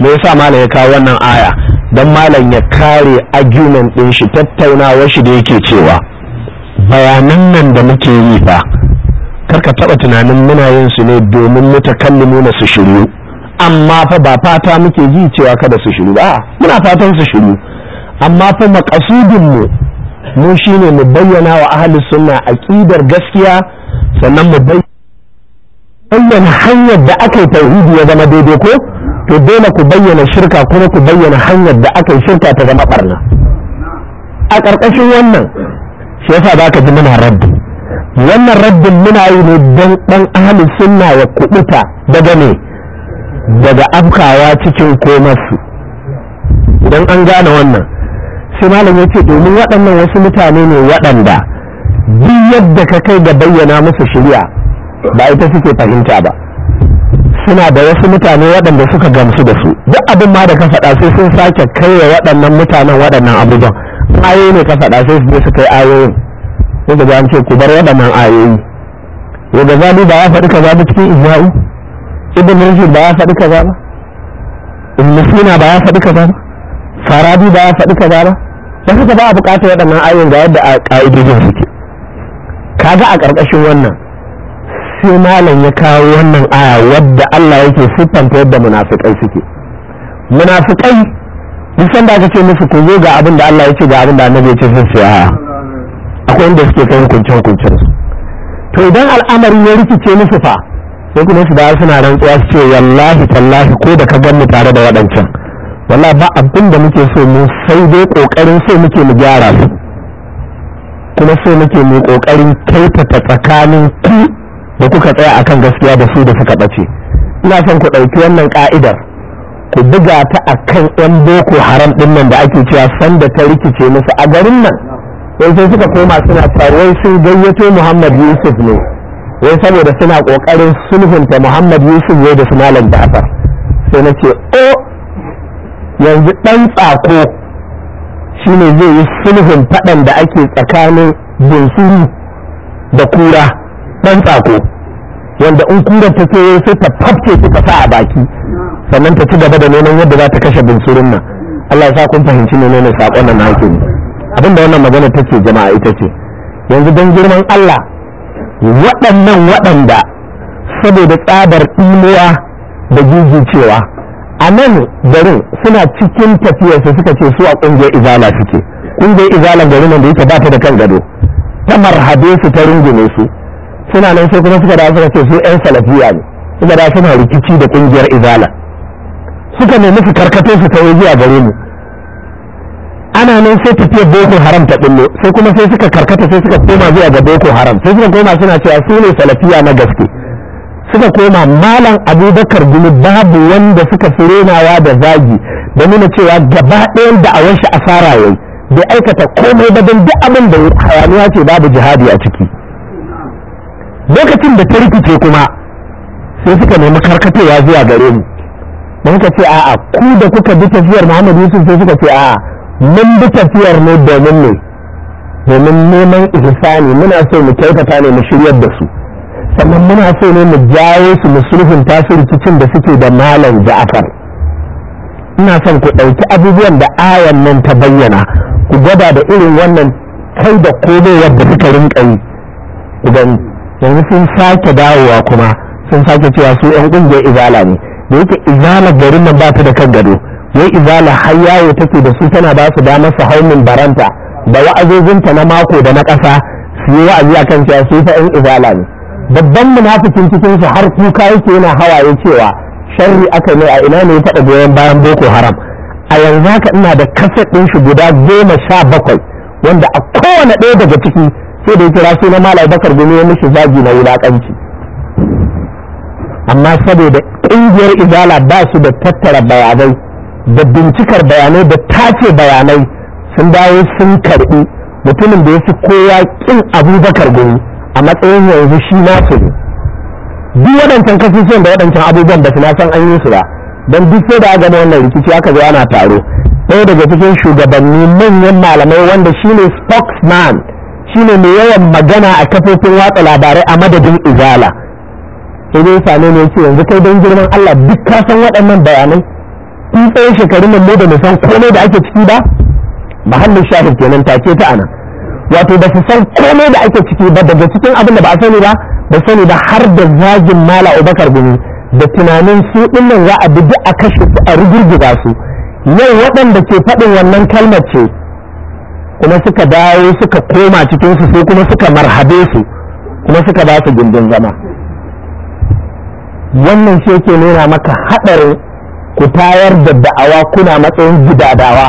me yasa malam ya kawo wannan aya don malam ya kare argument din shi tattaunawa shi da yake cewa bayanan nan da muke yi fa karka taba tunanin muna yin su ne domin mutakallimu na su shiru amma fa ba fata muke ji cewa kada su shiru ba muna fatan su shiru amma fa makasudin mu mu shine mu bayyana wa ahli sunna aqidar gaskiya sannan mu bayyana hanyar da aka yi tauhidi ya zama daidai ko to dole ku bayyana shirka kuma ku bayyana hanyar da aka yi shirka ta zama barna a ƙarƙashin wannan shi yasa ba ka ji muna raddi wannan raddin muna yi ne don ɗan ahalin sunna ya kuɓuta daga ne daga afkawa cikin komarsu idan an gane wannan sai malam ya ce domin waɗannan wasu mutane ne waɗanda duk yadda ka kai da bayyana musu shirya ba ita suke fahimta ba muna da wasu mutane waɗanda suka gamsu da su duk abin ma da ka faɗa sai sun sake kai wa waɗannan mutanen waɗannan abubuwan ayoyi ne ka faɗa sai su je su kai ayoyin sai ga an ce ku bar waɗannan ayoyi ya ga zabi ba ya faɗi kaza ba cikin ijma'u ibn rushd ba ya faɗi kaza ba ibn sina ba ya faɗi kaza ba farabi ba ya faɗi kaza ba ba haka ba a buƙatar waɗannan ayoyin ga yadda a ƙa'idojin suke kaga a ƙarƙashin wannan sai malam ya kawo wannan aya wadda Allah yake siffanta yadda munafikai suke munafikai duk da aka ce musu ku zo ga abin da Allah ya ce ga abin da annabi ya ce sun ce a akwai inda suke kai kuncin kuncin to idan al'amari ya rikice musu fa sai kuma su da suna rantsuwa su ce wallahi tallahi ko da ka gan mu tare da waɗancan wallahi ba abin da muke so mu sai dai kokarin so muke mu gyara su kuma so muke mu kokarin kyautata tsakanin ku da kuka tsaya akan gaskiya da su da suka ɓace ina son ku ɗauki wannan ka'idar ku buga ta akan yan boko haram ɗin nan da ake cewa sanda ta rikice musu a garin nan wai sai suka koma suna tarwai sun gayyato muhammad yusuf ne wai saboda suna ƙoƙarin sulhunta muhammad yusuf ya da su malam ja'far sai na ce o yanzu ɗan tsako shine zai yi sulhun faɗan da ake tsakanin bunsuru da kura ɗan tsako wanda in kurar ta kewaye sai ta fafke su ta sa a baki sannan ta ci gaba da neman yadda za ta kashe binsurin nan Allah ya sa kun fahimci menene sakon nan nake ne abinda wannan magana take jama'a ita ce yanzu don girman Allah waɗannan waɗanda saboda tsabar ɗimuwa da gigicewa a nan garin suna cikin tafiyarsu suka ce su a ƙungiyar izala suke ƙungiyar izala garin da yake ba ta da kan gado ta marhabe su ta rungume su suna nan sai kuma suka da suka ce su yan salafiya ne suka da suna rikici da kungiyar izala suka nemi su karkato su kai zuwa gare mu ana nan sai tafiyar boko haram ta dillo sai kuma sai suka karkata sai suka koma zuwa ga boko haram sai suka koma suna cewa su ne salafiya na gaske suka koma malam abubakar gumi babu wanda suka fi renawa da zagi da nuna cewa gaba ɗayan da a wanshi asara yayi bai aikata komai ba don duk abin da hayaniya ce babu jihadi a ciki lokacin da ta rikice kuma sai suka nemi karkatowa zuwa gare mu da muka ce a'a ku da kuka bi tafiyar Muhammad Yusuf sai suka ce a'a mun bi tafiyar ne domin ne domin neman ihsani muna so mu kyautata ne mu shiryar da su sannan muna so ne mu jawo su mu sulhunta su rikicin da suke da malam Ja'far ina son ku ɗauki abubuwan da ayan nan ta bayyana ku gwada da irin wannan kai da komai yadda suka rinka yi ku yanzu sun sake dawowa kuma sun sake cewa su yan ƙungiyar izala ne da yake izala garin nan ba ta da kan gado wai izala har yawo take da su tana ba su damar su min baranta da wa'azozinta na mako da na ƙasa su yi wa'azi a kan cewa su ta yan izala ne babban munafikin cikin su har kuka yake yana hawaye cewa sharri aka ne a ina ne ya faɗa goyon bayan boko haram a yanzu haka ina da kasa ɗin shi guda goma sha bakwai wanda a kowane ɗaya daga ciki sai da kira shi na malai bakar gumi ya mishi zagi na wulakanci amma saboda ƙungiyar izala ba su da tattara bayanai da bincikar bayanai da tace bayanai sun dawo sun karɓi mutumin da ya fi kowa ƙin abubakar gumi a matsayin yanzu shi su ne duk waɗancan kasusuwan da waɗancan abubuwan ba su na san an yi su ba don duk sai da aka gama wannan rikici aka zo ana taro ɗaya daga cikin shugabanni manyan malamai wanda shi ne spokesman shine mai yawan magana a kafofin watsa labarai a madadin izala sai dai same ne ce yanzu kai don girman Allah duk ka san waɗannan bayanai Kun tsaye shekarun nan mu da san komai da ake ciki ba mahallin shahid kenan take ta anan wato ba su san komai da ake ciki ba daga cikin abin da ba a sani ba ba sani ba har da zagin mala Abubakar gumi da tunanin su dinnan za a bi duk a kashe su a rigirgiza su yau waɗanda ke faɗin wannan kalmar ce kuma suka dawo suka koma cikinsu, sai kuma suka marhabe su kuma suka ba su gindin zama wannan shi yake nuna maka haɗarin ku tayar da da'awa kuna matsayin gidadawa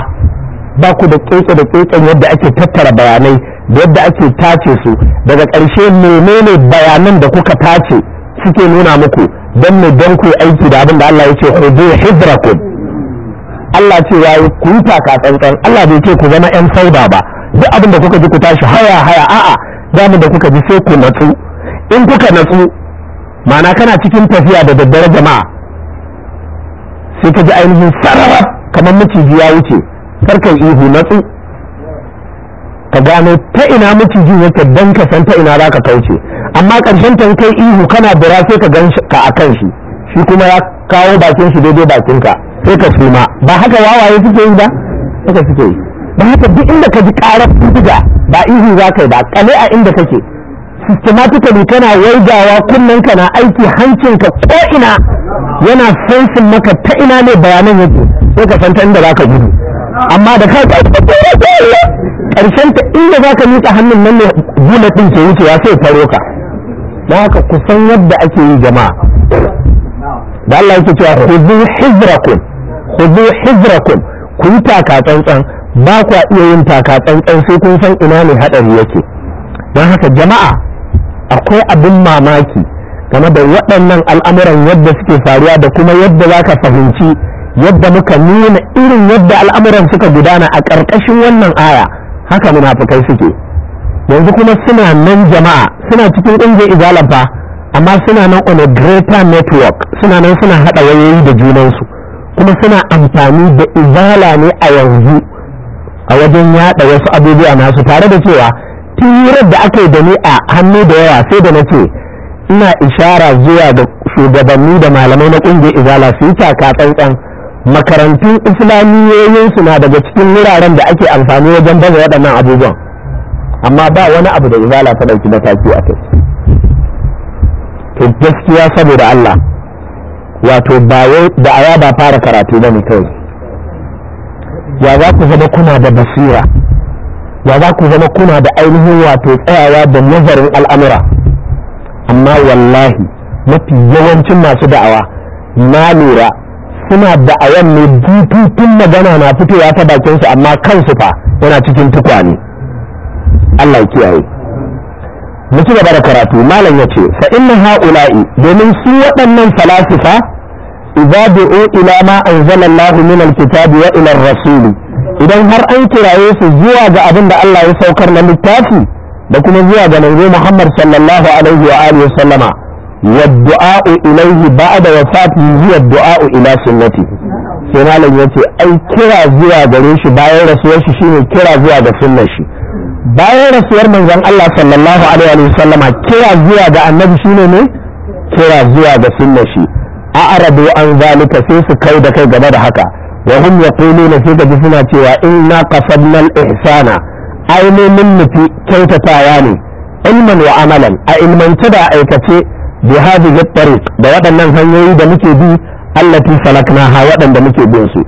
ba ku da keke da keken yadda ake tattara bayanai da yadda ake tace su daga ƙarshe menene bayanan da kuka tace suke nuna muku don ne don ku aiki da abin da Allah ya ce hudu hidrakum Allah ce ya ku yi taka tsantsan Allah bai ce ku zama yan sauda ba duk abin da kuka ji ku tashi haya haya a'a damu da kuka ji sai ku natsu in kuka natsu ma'ana kana cikin tafiya da daddare jama'a sai ka ji ainihin sarara kamar maciji ya wuce karkan ihu natsu ka gano ta ina macijin yake dan ka san ta ina zaka kauce amma karshen ta kai ihu kana bira sai ka gan ka akan shi shi kuma ya kawo bakin shi daidai bakin ka sai ka suma ba haka wawaye suke yi ba suka suke yi ba haka duk inda ka ji karar bindiga ba izi za ka yi ba kale a inda kake systematically kana waigawa ka na aiki hancinka ko ina yana sensin maka ta ina ne bayanan yake sai ka san ta inda zaka gudu amma da ka karshen ta inda za ka hannun nan ne gula ɗin ke wucewa sai faro ka da haka kusan yadda ake yi jama'a da Allah yake cewa khudhu hizrakum khudu hijrakum ku yi taka tsantsan ba kwa iya yin taka tsantsan sai kun san ina ne hadari yake don haka jama'a akwai abin mamaki game da waɗannan al'amuran yadda suke faruwa da kuma yadda za ka fahimci yadda muka nuna irin yadda al'amuran suka gudana a ƙarƙashin wannan aya haka munafukai suke yanzu kuma suna nan jama'a suna cikin ƙungiyar izalafa amma suna nan on a network suna nan suna haɗa wayoyi da junansu kuma suna amfani da izala ne a yanzu a wajen yada wasu abubuwa nasu tare da cewa tirar da aka yi da ni a hannu da yawa sai da na ina ishara zuwa ga shugabanni da malamai na kungiyar izala su yi taka tsantsan makarantun islamiyoyin su na daga cikin wuraren da ake amfani wajen baza waɗannan abubuwan amma ba wani abu da izala ta ɗauki mataki a kai to gaskiya saboda Allah wato ba da aya ba fara karatu ba ne kawai ya za ku zama kuna da basira ya za ku zama kuna da ainihin wato tsayawa da nazarin al'amura amma wallahi mafi yawancin masu da'awa na lura suna da'awan ne bututun magana na fitowa ta bakinsu amma kansu fa yana cikin tukwane Allah ya kiyaye mu ci gaba da karatu malam ya ce fa inna ha'ula'i domin su waɗannan falasifa idza du'u ila ma anzala Allah min al-kitabi wa ila ar-rasul idan har an kiraye su zuwa ga abin da Allah ya saukar na littafi da kuma zuwa ga manzo Muhammad sallallahu alaihi wa alihi sallama wa du'a'u ilayhi ba'da wafatihi huwa du'a'u ila sunnati sai malam ya ce ai kira zuwa gare shi bayan rasuwar shi shine kira zuwa ga sunnar shi bayan rasuwar manzon Allah sallallahu alaihi wa sallama kira zuwa ga annabi shine ne kira zuwa ga sunna shi a arabu an zalika sai su kai da kai gaba da haka wa hum yaquluna sai ga suna cewa inna qasadna al-ihsana ainihin nufi kyautatawa ne ilman wa amalan a ilmance da aikace bi hadhihi da waɗannan hanyoyi da muke bi allati salaknaha waɗanda muke bin su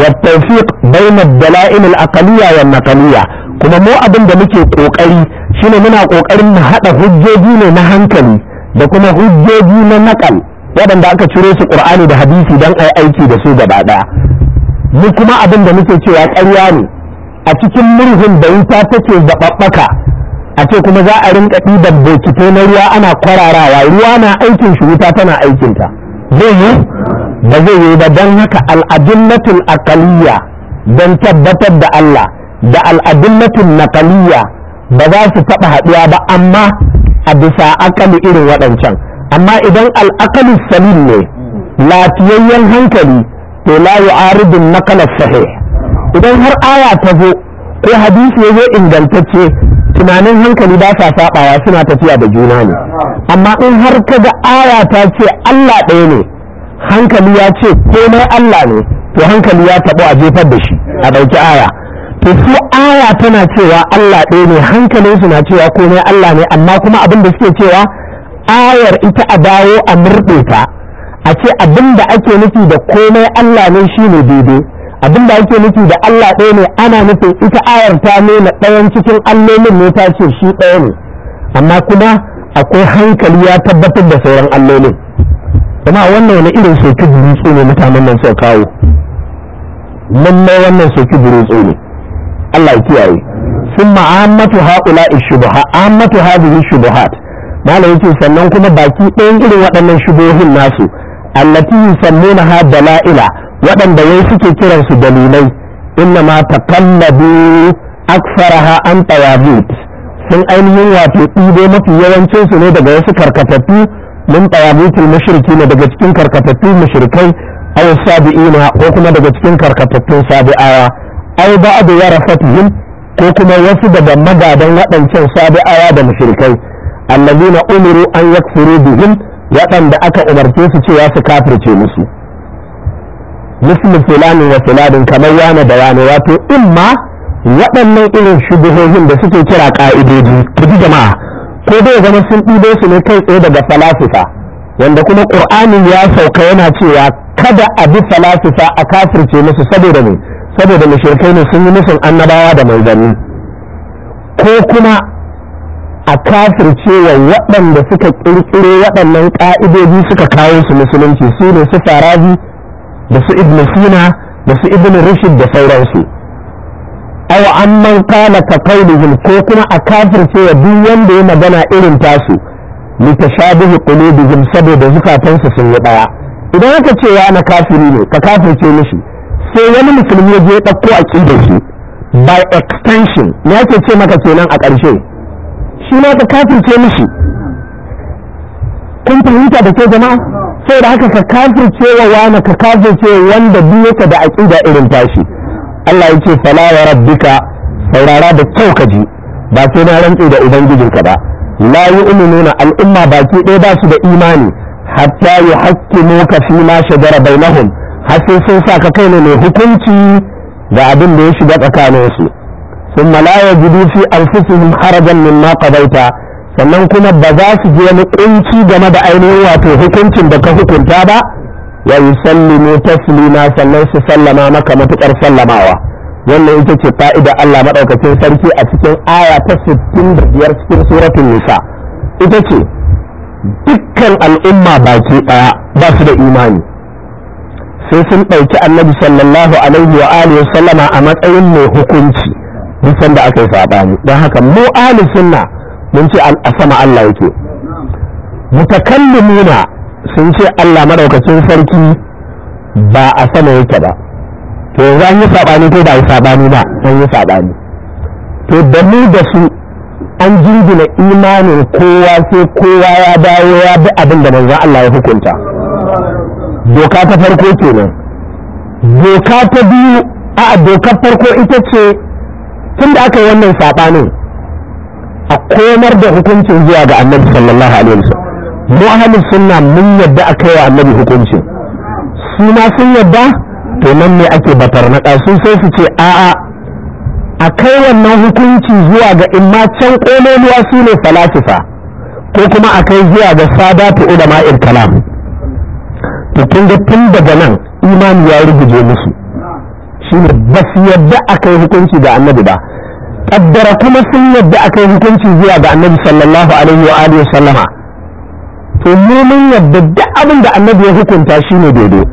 والتوفيق بين الدلائل الأقلية والنقلية kuma mu abin da muke ƙoƙari shine muna ƙoƙarin mu haɗa hujjoji ne na hankali da kuma hujjoji na nakal waɗanda aka ciro su ƙur'ani da hadisi dan ai aiki da su gaba ɗaya mu kuma abin da muke cewa ƙarya ne a cikin murhun da wuta take zababbaka a ce kuma za a rinka ɗiban bokitai na ruwa ana kwararawa ruwa na aikin shi wuta tana aikinta zai yi ba zai yi ba don haka al'adillatul akaliya don tabbatar da Allah da al'adillatul nakaliya ba za su taɓa haɗuwa ba amma a bisa akali irin waɗancan amma idan al'akalin salim ne lafiyayyen hankali to la yu'aridu naqala sahih idan har aya ta zo ko hadisi ya zo ingantacce tunanin hankali ba sa sabawa suna tafiya da juna ne amma in har ka ga aya ta ce Allah ɗaya ne hankali ya ce komai Allah ne to hankali ya taɓo a jefar da shi a ɗauki aya to su aya tana cewa Allah ɗaya ne hankali suna cewa komai Allah ne amma kuma abin da suke cewa ayar ita a dawo a murɗe ta a ce abin da ake nufi da komai Allah ne shine daidai abin da ake nufi da Allah ɗaya ne ana nufin ita ayar ta nuna ɗayan cikin allolin ne ta ce shi ɗaya ne amma kuma akwai hankali ya tabbatar da sauran allolin kuma wannan wani irin soki burutsu ne mutanen nan suka kawo lallai wannan soki burutsu ne Allah ya kiyaye sun ma'amatu haƙula ishubaha amatu hadhihi shubuhat malam yake sannan kuma baki ɗayan irin waɗannan shubohin nasu allati yusammuna ha dala'ila waɗanda yai suke kiransu dalilai inna ma taqallabu aksaraha an tawabut sun ainihin wato ɗibo mafi yawancinsu ne daga wasu karkatattu min tawabutul mushriki ne daga cikin karkatattu mushrikai aw sabi'ina ko kuma daga cikin karkatattun sabi'awa aw ba'du warasatihim ko kuma wasu daga magadan waɗancan sabi'awa da mushrikai allazina umiru an yakfuru bihim waɗanda aka umarce su cewa su kafirce musu muslim fulanin wa fuladin kamar yana da wani wato imma waɗannan irin shubuhohin da suke kira ƙa'idoji ku ji jama'a ko dai zama sun ɗido su ne kai tsaye daga falasifa wanda kuma ƙur'ani ya sauka yana cewa kada a bi falasifa a kafirce musu saboda ne saboda mushrikai ne sun yi musun annabawa da mai manzanni ko kuma a kafircewa waɗanda suka ƙirƙiro waɗannan ƙa'idoji suka kawo su musulunci su ne su farazi da su ibn sina da su ibn rushd da sauransu aw amman kana ka qawlihim ko kuma a kafirce ya duk wanda ya magana irin tasu litashabihi qulubihim saboda zukatansu sun yi daya idan aka ce ya na kafiri ne ka kafirce mishi sai wani musulmi ya je ɗauko aqidar shi by extension ne ce ce maka kenan a ƙarshe shi ma ka kafirce mishi kun fahimta da ke jama'a sai da haka ka kafirce cewa wani ka cewa wanda duk da aqida irin tashi Allah ya ce falawa rabbika saurara da kyau ka ji ba sai na rantse da ubangijinka ba la yu'minuna al'umma baki ɗaya ba su da imani hatta yuhaqqimuka fi ma shagara bainahum har sai sun sa ka kai ne mai hukunci da abin da ya shiga tsakaninsu Sun لا يجدوا في أنفسهم حرجا مما قضيت sannan kuma ba za su je wani kunci game da ainihin wato hukuncin da ka hukunta ba Ya wa yusallimu taslima sannan su sallama maka matukar sallamawa wannan ita ce fa'ida Allah madaukakin sarki a cikin aya ta 65 cikin suratul nisa ita ce dukkan al'umma baki daya ba su da imani sai sun ɗauki annabi sallallahu alaihi wa alihi sallama a matsayin mai hukunci duk sanda aka yi saɓani don haka mu ahli mun ce a sama Allah yake mutakallimuna sun ce Allah madaukakin sarki ba a sama yake ba to yanzu yi sabani ko ba yi sabani ba an yi sabani to da mu da su an jingina imanin kowa sai kowa ya dawo ya bi abin da manzon Allah ya hukunta doka ta farko kenan doka ta biyu a doka farko ita ce tun da aka yi wannan sabanin a komar da hukuncin zuwa ga annabi sallallahu alaihi wasallam mu ahlus sunna mun yadda a kai wa annabi hukuncin su ma sun yadda to nan ne ake batar na su sai su ce a'a a kai wannan hukunci zuwa ga imma can kololuwa su ne falasifa ko kuma a kai zuwa ga sadatu ulama'il kalam to kun ga tun daga nan imani ya rubuje musu shi ba su yadda a kai hukunci ga annabi ba kaddara kuma sun yadda aka yi hukunci zuwa ga annabi sallallahu alaihi wa alihi sallama to mu mun yadda duk abin da annabi ya hukunta shine daidai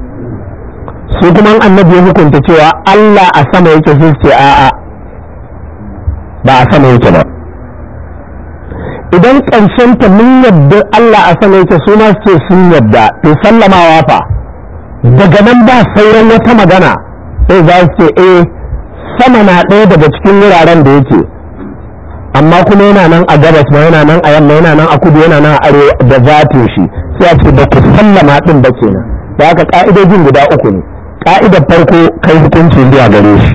su kuma annabi ya hukunta cewa Allah a sama yake sai ce a'a ba a sama yake ba idan ƙarshen ta mun yadda Allah a sama yake su ma su ce sun yadda to sallamawa fa daga nan ba sauran wata magana sai za su ce eh sama na ɗaya daga cikin wuraren da yake amma kuma yana nan a gabas ma yana nan a yamma yana nan a kudu yana nan a arewa da zatin shi sai a ce ba ku sallama ɗin ba kenan da haka ƙa'idojin guda uku ne ƙa'idar farko kai hukuncin zuwa gare shi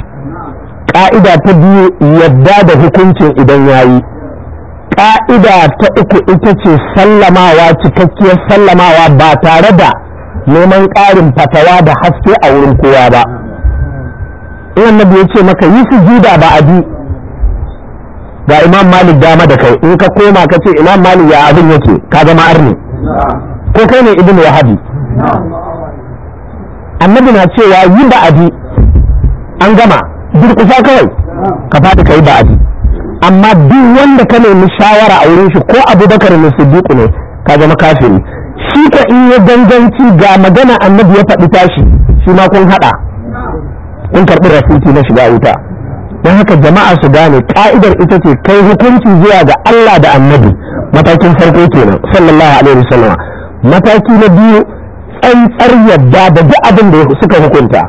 ƙa'ida ta biyu yadda da hukuncin idan ya yi ƙa'ida ta uku ita ce sallamawa cikakkiyar sallamawa ba tare da neman ƙarin fatawa da haske a wurin kowa ba in annabi ya ce maka yi su juda ba a bi ga imam malik dama da kai in ka koma ka ce imam malik ya abin yake ka zama arni ko kai ne ibn wahabi annabi na cewa yi ba a bi an gama durkusa kawai ka fadi kai ba a bi amma duk wanda ka nemi shawara a wurin shi ko abubakar ne siddiqu ne ka zama kafiri shi ka in ya danganci ga magana annabi ya faɗi tashi shi ma kun haɗa In karɓi rasiti na shiga wuta don haka jama'a su gane ka'idar ita ce kai hukunci zuwa ga Allah da annabi matakin farko kenan sallallahu alaihi wasallam mataki na biyu tsantsar yadda da duk abin da suka hukunta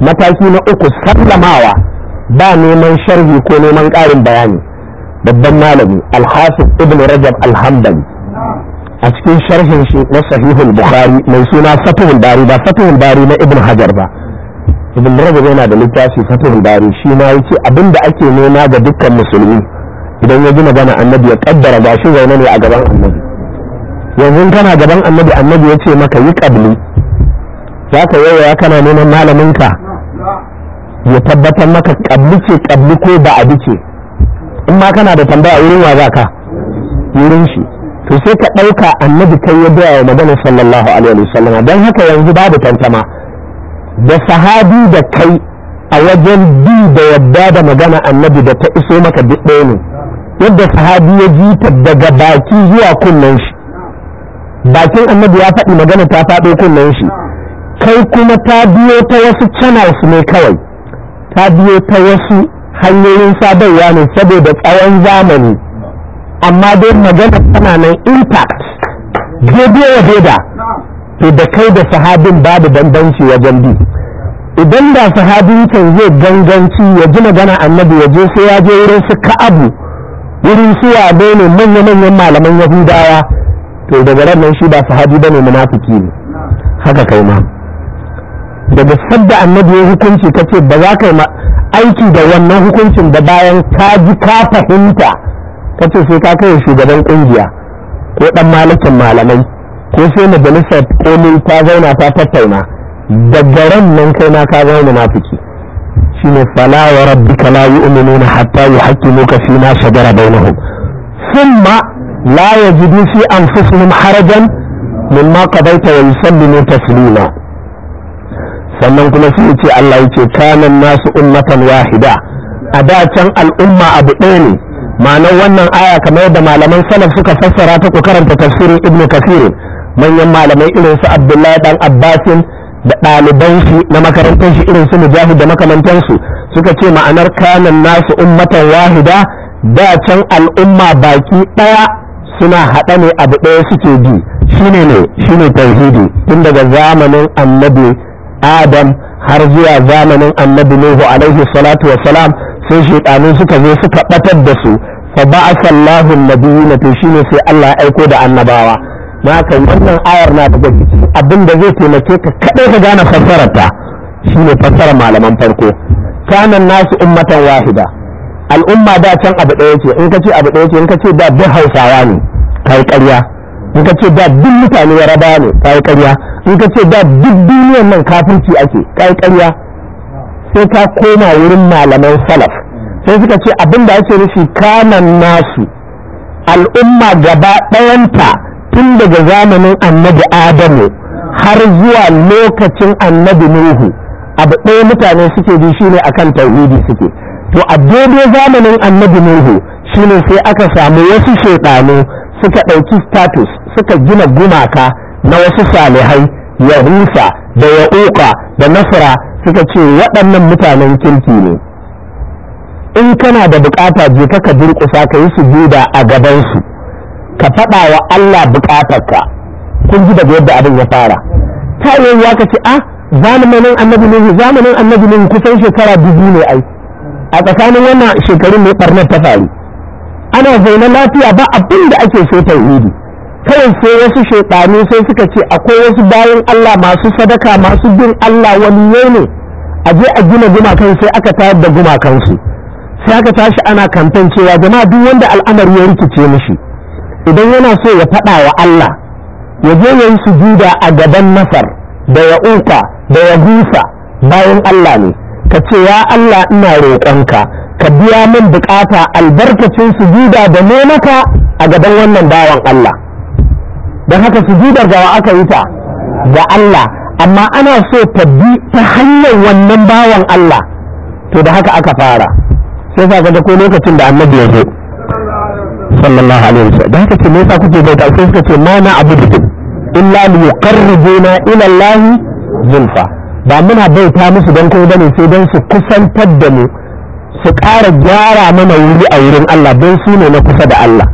mataki na uku sallamawa ba neman sharhi ko neman ƙarin bayani babban malami alhafiz ibn rajab alhambali a cikin sharhin shi na sahihul bukhari mai suna fatihul bari ba fatihul bari na ibn hajar ba ibn rajab yana da littafi fatul bari shi ma yake abinda ake nema ga dukkan musulmi idan ya gina magana annabi ya kaddara ba shi zaune ne a gaban annabi yanzu kana gaban annabi annabi ya ce maka yi kabli za ka yi yaya kana neman malaminka ya tabbatar maka kabli ce kabli ko ba a ce in ma kana da tambaya wurin wa za ka wurin shi to sai ka ɗauka annabi kai ya biya wa magana sallallahu alaihi wasallam don haka yanzu babu tantama da sahabi da kai a wajen bi da yadda da magana annabi da ta iso maka duk ɗaya ne yadda sahabi ya ji ta daga baki zuwa kunnen shi bakin annabi ya faɗi magana ta faɗo kunnen shi kai kuma ta biyo ta wasu channels ne kawai ta biyo ta wasu hanyoyin sadarwa ne saboda tsawon zamani amma don magana tana nan impact daidai wa to da kai da sahabin babu bambanci wajen bi idan da sahabin can zai ganganci ya ji magana annabi ya je sai ya je wurin su ka'abu wurin su bai ne manya-manyan malaman yahudawa to daga nan shi ba sahabi ba ne munafiki ne haka kai ma daga sadda annabi ya hukunci ka ce ba za ka yi aiki da wannan hukuncin da bayan ka ji ka fahimta ka ce sai ka kai shugaban kungiya ko dan malakin malamai ko sai majalisar komai ta zauna ta tattauna daga ran nan kai na ka zama munafiki shine fala wa rabbika la yu'minuna hatta yuhaqqimuka fi ma shajara bainahum thumma la yajidu fi anfusihim harajan mimma qadaita wa yusallimu taslima sannan kuma sai ce Allah yace kana nasu ummatan wahida a da can al'umma abu ɗaya ne ma'anar wannan aya kamar yadda malaman salaf suka fassara ta ku karanta tafsirin ibnu kathir manyan malamai irin su abdullahi dan abbasin da ɗaliban shi na makarantar shi irin su mujahid da makamantansu suka ce ma'anar kanan nasu ummatan wahida da can al'umma baki ɗaya suna haɗa ne abu ɗaya suke bi. shine ne shine tauhidi tun daga zamanin annabi adam har zuwa zamanin annabi nuhu alaihi salatu wa salam sai shaitanu suka zo suka ɓatar da su fa ba'a Allahu an-nabiyina to shine sai Allah ya aiko da annabawa kan wannan ayar na da gaji abin da zai taimake ka kadai ka gane ta shine fassarar malaman farko kanan nasu ummatan wahida al'umma da can abu ɗaya ce in ka ce abu ɗaya ce in ka ce da duk hausawa ne kai ƙarya in ka ce da duk mutane yaraba ne kai ƙarya in ka ce da duk duniyar nan kafirci ake kai ƙarya sai ka koma wurin malaman salaf sai suka ce abin da ake nufi kanan nasu al'umma gaba ɗayanta tun daga zamanin annabi adamu har zuwa lokacin annabi nuhu abu ɗaya mutane suke bi shine kan tauhidi suke to a daidai zamanin annabi nuhu shine sai aka samu wasu shaidanu suka ɗauki status suka gina gumaka na wasu salihai ya rusa da ya uka da nasara suka ce waɗannan mutanen kirki ne in kana da bukata je ka durƙusa ka yi sujuda a gabansu ka faɗa wa Allah buƙatarka kun ji daga yadda abin ya fara ta yiwuwa ka ce a ah, zamanin annabi ne zamanin annabi nuhu kusan shekara dubu ne ai a tsakanin wannan shekarun mai barnar ta faru ana zaune lafiya ba abin da ake so tauhidi kawai sai wasu shekaru sai suka ce akwai wasu bayan Allah masu sadaka masu bin Allah wani ne a je a gina gumakan sai aka tayar da gumakansu sai aka tashi ana kamfancewa cewa jama'a duk wanda al'amari ya rikice mishi idan yana so ya faɗa wa Allah ya je ya yi sujuda a gaban masar da ya uka da ya gusa bayan Allah ne ka ce ya Allah ina roƙonka ka biya min bukata albarkacin sujuda da nemaka a gaban wannan bawan Allah don haka sujudar wa aka yi ta ga Allah amma ana so ta bi ta hanyar wannan bawan Allah to da haka aka fara sai sa ga ko lokacin da annabi ya zo sallallahu alaihi wasallam da haka ce me yasa kuke bauta sai suka ce ma na abudu illa li yuqarribuna ila Allah zulfa ba muna bauta musu dan kai bane sai dan su kusantar da mu su ƙara gyara mana wuri a wurin Allah don su ne na kusa da Allah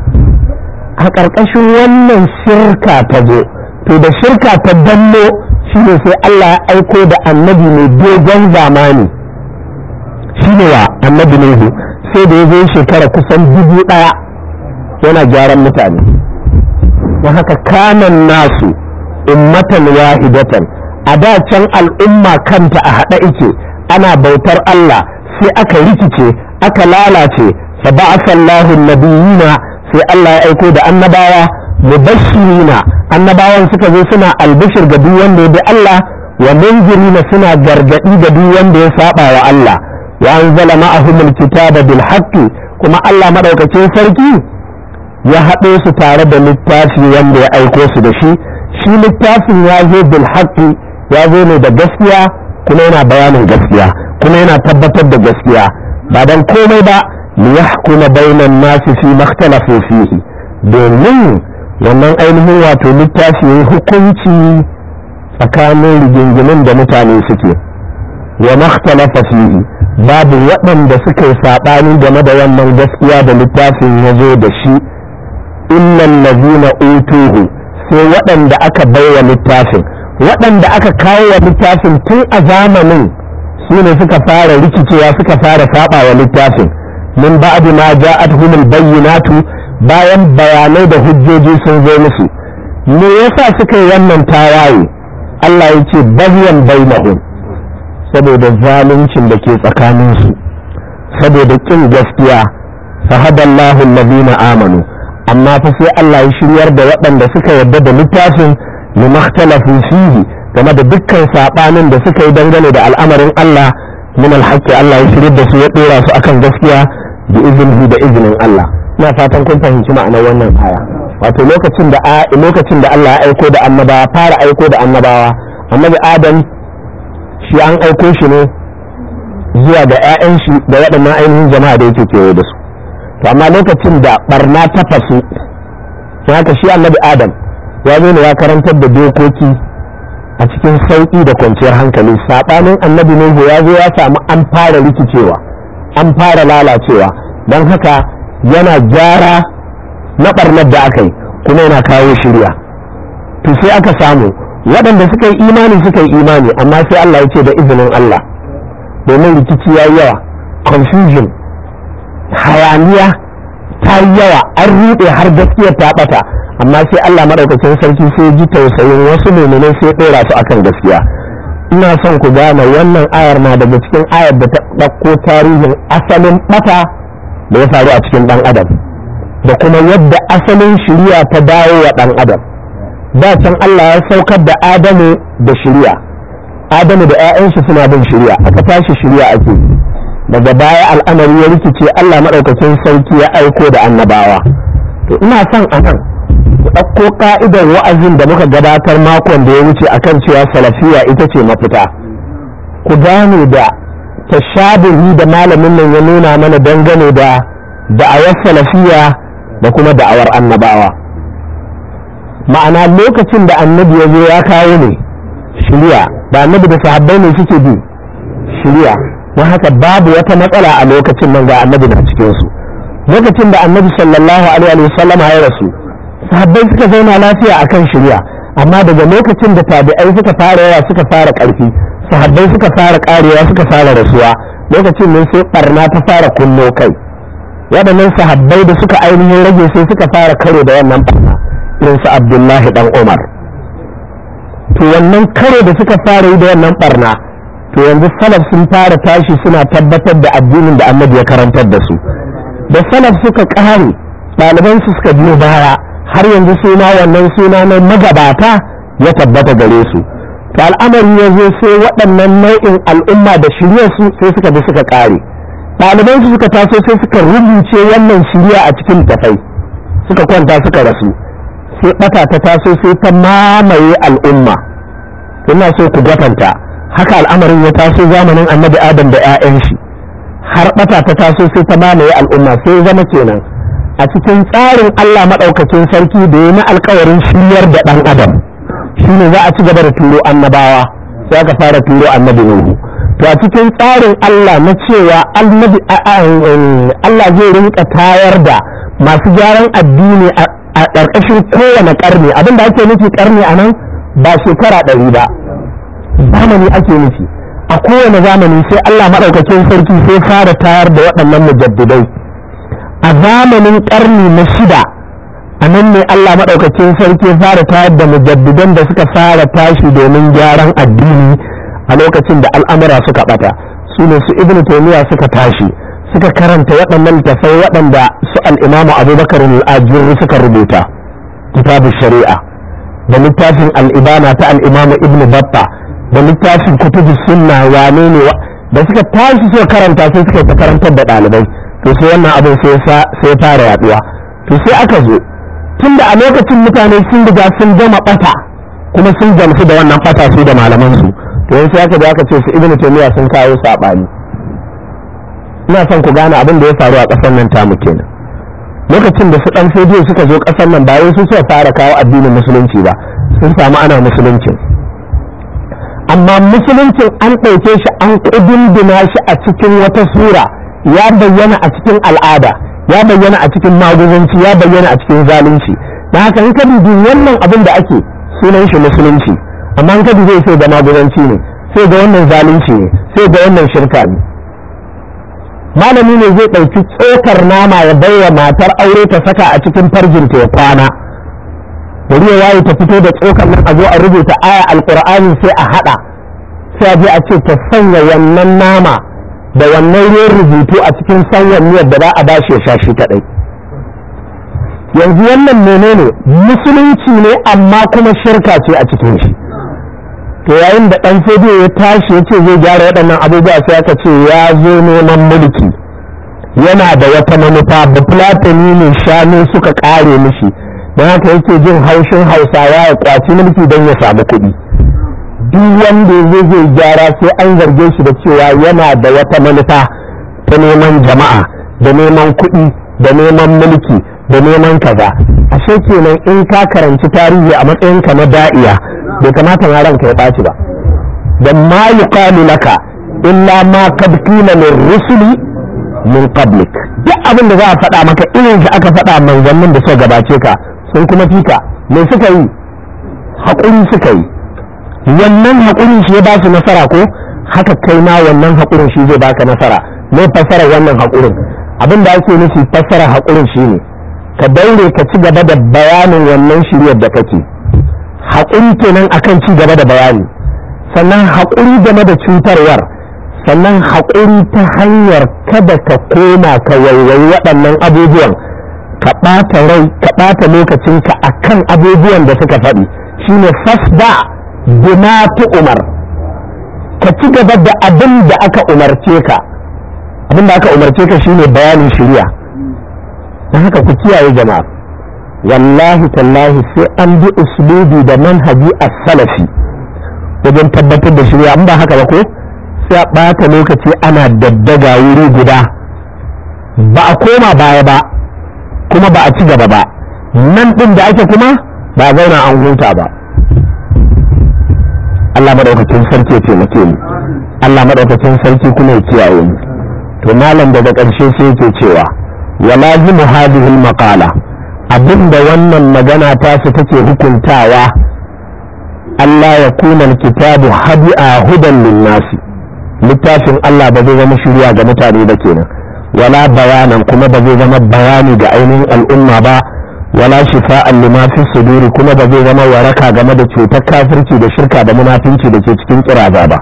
a ƙarƙashin wannan shirka ta zo to da shirka ta danno shine sai Allah ya aiko da annabi mai dogon zamani ne wa annabi Nuhu sai da ya zo shekara kusan dubu ɗaya yana gyaran mutane don haka kanan nasu ummatan wahidatan a da can al'umma kanta a haɗa ike ana bautar Allah sai aka rikice aka lalace fa ba'atha Allahu nabiyina sai Allah ya aiko da annabawa mubashirina annabawan suka zo suna albishir ga duk wanda ya bi Allah wa munzirina suna gargadi ga duk wanda ya saba wa Allah wa anzala ma'ahum alkitaba bil haqqi kuma Allah madaukakin sarki ya haɗe su tare da littafi wanda ya aiko su da shi shi littafin ya zo bil ya zo ne da gaskiya kuma yana bayanin gaskiya kuma yana tabbatar da gaskiya ba dan komai ba li yahkuma bainan nasi fi makhtalafu fihi domin wannan ainihin wato littafi ya hukunci tsakanin rigingimin da mutane suke wa makhtalafa fihi babu waɗanda suka yi saɓani game da wannan gaskiya da littafin ya zo da shi illal ladina utuhu sai waɗanda aka baiwa littafin waɗanda aka kawo wa littafin tun a zamanin su ne suka fara rikicewa suka fara saba wa littafin min ba'di ma ja'at humul bayyinatu bayan bayanai da hujjoji sun zo musu me yasa suka yi wannan tawaye Allah ya ce bayyan bainahum saboda zaluncin da ke tsakaninsu saboda kin gaskiya sahaballahu alladhina amanu amma fa sai Allah ya shiryar da waɗanda suka yarda da littafin limakhtalafu fihi game da dukkan sabanin da suka yi dangane da al'amarin Allah min alhaqi Allah ya shiryar da su ya dora su akan gaskiya da izini da izinin Allah ina fatan kun fahimci ma'anar wannan aya wato lokacin da lokacin da Allah ya aiko da annabawa fara aiko da annabawa annabi Adam shi an aiko shi ne zuwa ga 'ya'yan shi da waɗannan ainihin jama'a da yake kewaye da su to amma lokacin da barna ta fasu ya haka shi annabi adam ya zo ya karantar da dokoki a cikin sauƙi da kwanciyar hankali saɓanin annabi nuhu ya zo ya samu an fara rikicewa an fara lalacewa don haka yana gyara na ɓarnar da aka yi kuma yana kawo shirya to sai aka samu waɗanda suka yi imani suka yi imani amma sai Allah ya ce da izinin Allah domin rikici ya yawa confusion hayaniya ta yi yawa an ruɗe har gaskiya ta ɓata amma sai Allah madaukakin sarki sai ji tausayin wasu mummunan sai dora su akan gaskiya ina son ku gane wannan ayar na daga cikin ayar da ta dauko tarihin asalin ɓata da ya faru a cikin ɗan adam da kuma yadda asalin shiriya ta dawo wa ɗan adam da can Allah ya saukar da Adamu da shiriya Adamu da 'ya'yansu suna bin shiriya aka tashi shiriya ake daga baya al'amari ya rikice Allah maɗaukakin sarki ya aiko da annabawa to ina son a nan ku ɗauko ka'idar wa'azin da muka gabatar makon da ya wuce akan cewa salafiya ita ce mafita ku gane da tashabihi da malamin nan ya nuna mana dangane da da'awar salafiya da kuma da'awar annabawa ma'ana lokacin da annabi ya zo ya kawo ne shirya da annabi da sahabbai ne suke bi shirya don haka babu wata matsala a lokacin nan ga annabi na cikin su lokacin da annabi sallallahu alaihi wa sallam ya rasu sahabbai suka zauna lafiya akan shirya amma daga lokacin da tabi'ai suka fara yawa suka fara karfi sahabbai suka fara karewa suka fara rasuwa lokacin ne sai barna ta fara kunno kai waɗannan sahabbai da suka ainihin rage sai suka fara karo da wannan barna irin abdullahi dan umar to wannan karo da suka fara yi da wannan barna to yanzu salaf sun fara tashi suna tabbatar da addinin da annabi ya karantar da su da salaf suka ƙare ɗaliban su suka biyo baya har yanzu suna wannan suna na magabata ya tabbata gare su to al'amari ya zo sai waɗannan nau'in al'umma da shirya su sai suka bi suka ƙare ɗaliban su suka taso sai suka rubuce wannan shirya a cikin tafai suka kwanta suka rasu sai ɓata ta taso sai ta mamaye al'umma ina so ku gwatanta haka al'amarin ya taso zamanin annabi adam da 'ya'yan shi har bata ta taso sai ta mamaye al'umma sai zama kenan a cikin tsarin Allah maɗaukacin sarki da ya na alkawarin shiryar da ɗan adam shine za a ci gaba da turo annabawa sai aka fara turo annabi Nuhu to a cikin tsarin Allah na cewa annabi um, Allah zai rinka tayar da masu gyaran addini a ƙarƙashin kowane ƙarni abinda ake nufi ƙarni a nan ba shekara ɗari ba zamani ake nufi a kowane zamani sai Allah maɗaukakin sarki sai fara tayar da waɗannan mujaddidai a zamanin ƙarni na shida a nan ne Allah maɗaukakin sarki fara tayar da mujaddidan da suka fara tashi domin gyaran addini a lokacin da al'amura suka ɓata su ne su ibnu taymiya suka tashi suka karanta waɗannan tafai waɗanda su al'imamu abubakar al'ajirri suka rubuta kitabu shari'a da littafin al'ibana ta al'imamu ibn batta da littafin kutubu sunna wane ne da suka tashi so karanta sai suka ta karantar da ɗalibai to sai wannan abin sai sai fara yaduwa to sai aka zo tunda a lokacin mutane sun riga sun gama bata kuma sun gamsu da wannan bata su da malaman su to yanzu aka ga aka ce su ibnu taymiya sun kawo sabani ina son ku gane abin da ya faru a ƙasar nan tamu kenan lokacin da su dan fodiyo suka zo ƙasar nan ba wai su suka fara kawo addinin musulunci ba sun samu ana musulunci amma musuluncin an ɗauke shi an ƙudunduna shi a cikin wata sura ya bayyana a cikin al'ada ya bayyana a cikin maguzanci ya bayyana a cikin zalunci da haka in ka dubi wannan abin da ake sunan shi musulunci amma in ka dubi sai ga maguzanci ne sai ga wannan zalunci ne sai ga wannan shirka ne malami ne zai ɗauki tsokar nama ya bayyana matar aure ta saka a cikin farjinta ya kwana bari ya waye ta fito da tsokan nan a zo a rubuta aya alqur'ani sai a hada sai a je a ce ta sanya wannan nama da wannan ruwan rubutu a cikin sanyan miyar da za a bashi ya sha shi kadai yanzu wannan menene musulunci ne amma kuma shirka ce a cikin shi to yayin da ɗan fodiyo ya tashi ya ce zai gyara waɗannan abubuwa sai aka ce ya zo neman mulki yana da wata manufa da fulatani ne shanu suka ƙare mishi don haka yake jin haushin hausawa ya kwaci mulki don ya samu kuɗi duk wanda ya zai gyara sai an zarge shi da cewa yana da wata manufa ta neman jama'a da neman kuɗi da neman mulki da neman kaza ashe kenan in ka karanci tarihi a matsayin ka na da'iya bai kamata na ranka ya ɓaci ba Da ma yuqalu laka illa ma qad qila rusuli min qablik duk abin da za a faɗa maka irin shi aka faɗa manzannin da suka gabace ka sun kuma fita me suka yi haƙuri suka yi wannan haƙurin shi ya ba su nasara ko haka kai ma wannan haƙurin shi zai baka nasara me fasara wannan haƙurin abin da ake nufi fasara haƙurin shi ne ka daure ka ci gaba da bayanin wannan shiryar da kake haƙuri kenan akan ci gaba da bayani sannan haƙuri game da cutarwar sannan haƙuri ta hanyar kada ka koma ka waiwayi waɗannan abubuwan ka ɓata rai ka ɓata lokacinka a kan abubuwan da suka faɗi shine fasda bima ta umar ka ci gaba da abin da aka umarce ka abin da aka umarce ka shine bayanin shirya da haka ku kiyaye jama'a wallahi tallahi sai an bi uslubi da manhaji a salafi wajen tabbatar da shirya in ba haka ba ko sai a ɓata lokaci ana daddaga wuri guda ba a koma baya ba kuma ba a ci gaba ba nan ɗin da ake kuma ba zauna an huta ba Allah maɗaukacin sarki ya taimake mu Allah maɗaukacin sarki kuma ya kiyaye mu to malam daga ƙarshe sai yake cewa wa lazimu hadhihi al maƙala. abinda wannan magana ta su take hukuntawa Allah ya kuma kitabu hadi a hudan linnasi littafin Allah ba zai zama shirya ga mutane da kenan wala bayanan kuma ba zai zama bayani ga ainihin al'umma ba wala shifa'an lima fi suduri kuma ba zai zama waraka game da cutar kafirci da shirka da munafinci da ke cikin kiraza ba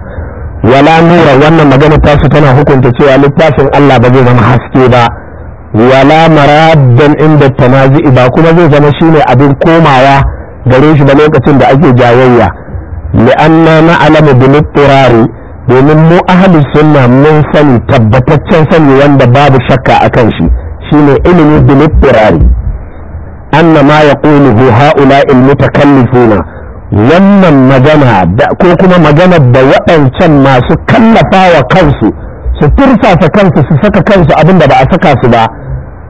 wala nura wannan maganar ta su tana hukunta cewa littafin Allah ba zai zama haske ba wala maraddan inda tanazi'i ba kuma zai zama shine abin komawa gare shi da lokacin da ake jayayya li'anna na'lamu bil domin mu ahalin sunna mun sani tabbataccen sani wanda babu shakka a kan shi shine ilimi bilittirari anna ma ya ƙuluhu ha'ula ilmutakallifuna wannan magana ko kuma magana da waɗancan masu kallafa wa kansu su tursasa kansu su saka kansu abinda ba a saka su ba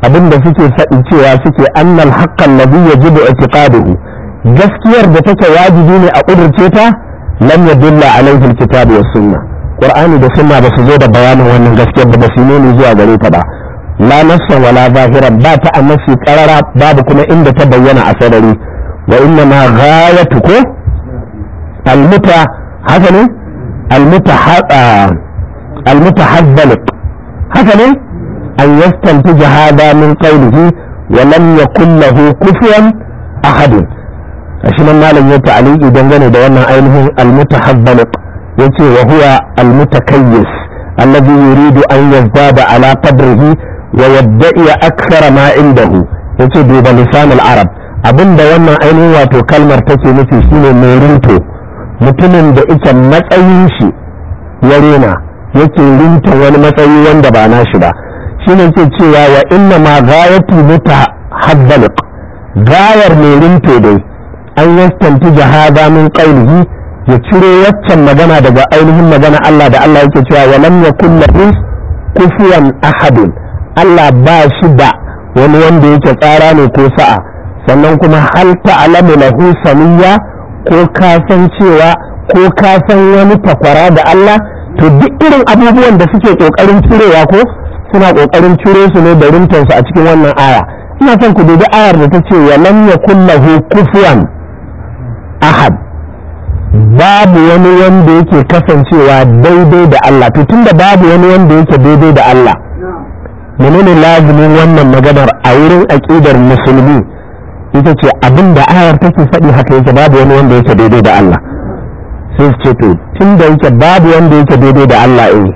abinda suke faɗi cewa suke annal haqqan ladhi yajibu i'tiqaduhu gaskiyar da take wajibi ne a ƙudurce ta lam yadulla alaihi alkitab wa sunna qur'ani da sunna ba su zo da bayanin wannan gaskiyar ba ba su nuni zuwa gare ta ba la wa wala zahiran ba ta annasi qarara babu kuma inda ta bayyana a sarari wa inna ma ghayatu ko almuta haka ne almuta almutahazzaliq haka ne an yastantija hada min qawlihi wa lam yakul lahu kufuwan ahadun shi nan malam ya idan dangane da wannan ainihin almutahabbalib yace wa huwa almutakayyis alladhi yuridu an yazdada ala qadrihi wa yadda'i akthara ma indahu yace duba lisanul arab abinda wannan ainihin wato kalmar take nufi shine mai mutumin da ita matsayin shi ya rena yake rinta wani matsayi wanda ba na shi ba shine ke cewa wa inna ma ghayatu mutahabbalik gayar mai rinto dai an yastanti jahada min qawlihi ya ciro waccan magana daga ainihin magana Allah da Allah yake cewa wa lam yakul lahu kufuwan ahadun Allah ba shi da wani wanda yake tsara ne ko sa'a sannan kuma hal ta'lamu lahu samiyya ko ka san cewa ko ka san wani takwara da Allah to duk irin abubuwan da suke kokarin cirewa ko suna kokarin ciro su ne da a cikin wannan aya ina son ku dubi ayar da ta ce wa lam yakul lahu kufuwan ahad babu wani wanda yake kasancewa daidai da Allah to tunda babu wani wanda yake daidai da Allah menene lazimin wannan maganar a wurin aƙidar musulmi ita ce abin da ayar take faɗi haka yake babu wani wanda yake daidai da Allah sai ce to tunda yake babu wanda yake daidai da Allah eh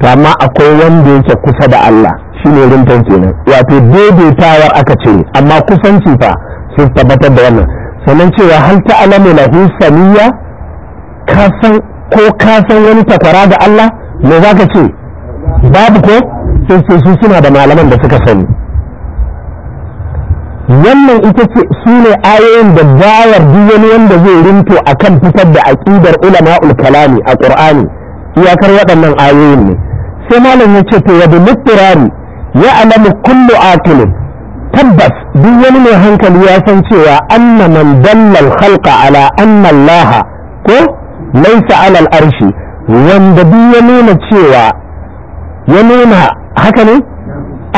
to amma akwai wanda yake kusa da Allah shine rintan kenan wato daidaitawar aka ce amma kusanci fa sai tabbatar da wannan sannan cewa hal ta'lamu lahu samiya ka san ko ka san wani takwara ga Allah me zaka ce babu ko sai sai su suna da malaman da suka sani wannan ita ce su ne ayoyin da bayar duk wani wanda zai rinto kan fitar da aƙidar ulama kalami a Ƙur'ani iyakar waɗannan ayoyin ne sai malam ya ce to wa bi ya alamu kullu aqilin tabbas duk wani mai hankali ya san cewa anna man dalla al-khalqa ala anna Allah ko laysa ala al-arshi wanda duk ya nuna cewa ya nuna haka ne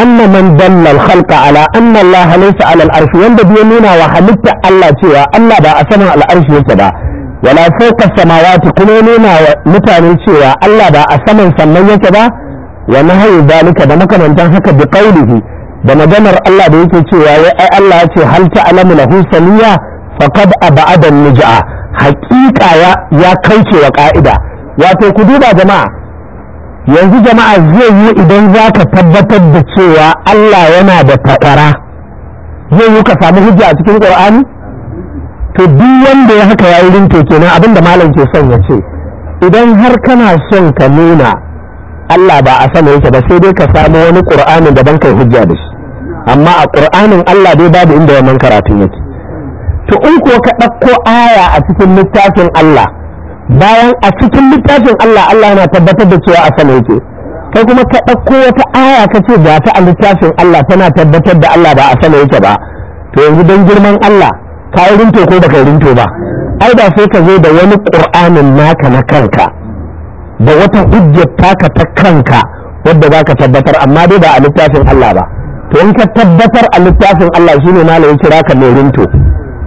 anna man dalla al-khalqa ala anna Allah laysa ala al-arshi wanda duk ya nuna wa halitta Allah cewa Allah ba a saman al-arshi yake ba wala fawqa samawati kuma nuna wa mutane cewa Allah ba a saman sannan yake ba wa nahyu dalika da makamantan haka bi qaulihi da maganar Allah da yake cewa ya ai Allah ya ce hal ta'lamu lahu fa faqad abada nujaa haqiqa ya ya kauce wa ka'ida wato ku duba jama'a yanzu jama'a zai yi idan za ka tabbatar da cewa Allah yana da takara zai yi ka samu hujja a cikin Qur'ani to duk wanda ya haka yayi rinto kenan abinda malam ke son ya ce idan har kana son ka nuna Allah ba a sama yake ba sai dai ka samu wani Qur'anin da ban kai hujja da shi amma a ƙur'anin Allah dai babu inda wannan karatu yake to in kuwa ka ɗauko aya a cikin littafin Allah bayan a cikin littafin Allah Allah yana tabbatar da cewa a sama yake kai kuma ka ɗauko wata aya ka ce ga ta a littafin Allah tana tabbatar da Allah ba a yake ba to yanzu don girman Allah ka yi rinto ko baka rinto ba ai ba sai ka zo da wani ƙur'anin naka na kanka da wata hujjar taka ta kanka wadda za ka tabbatar amma dai ba a littafin Allah ba to in ka tabbatar a littafin Allah shine ne ya kira ka lorinto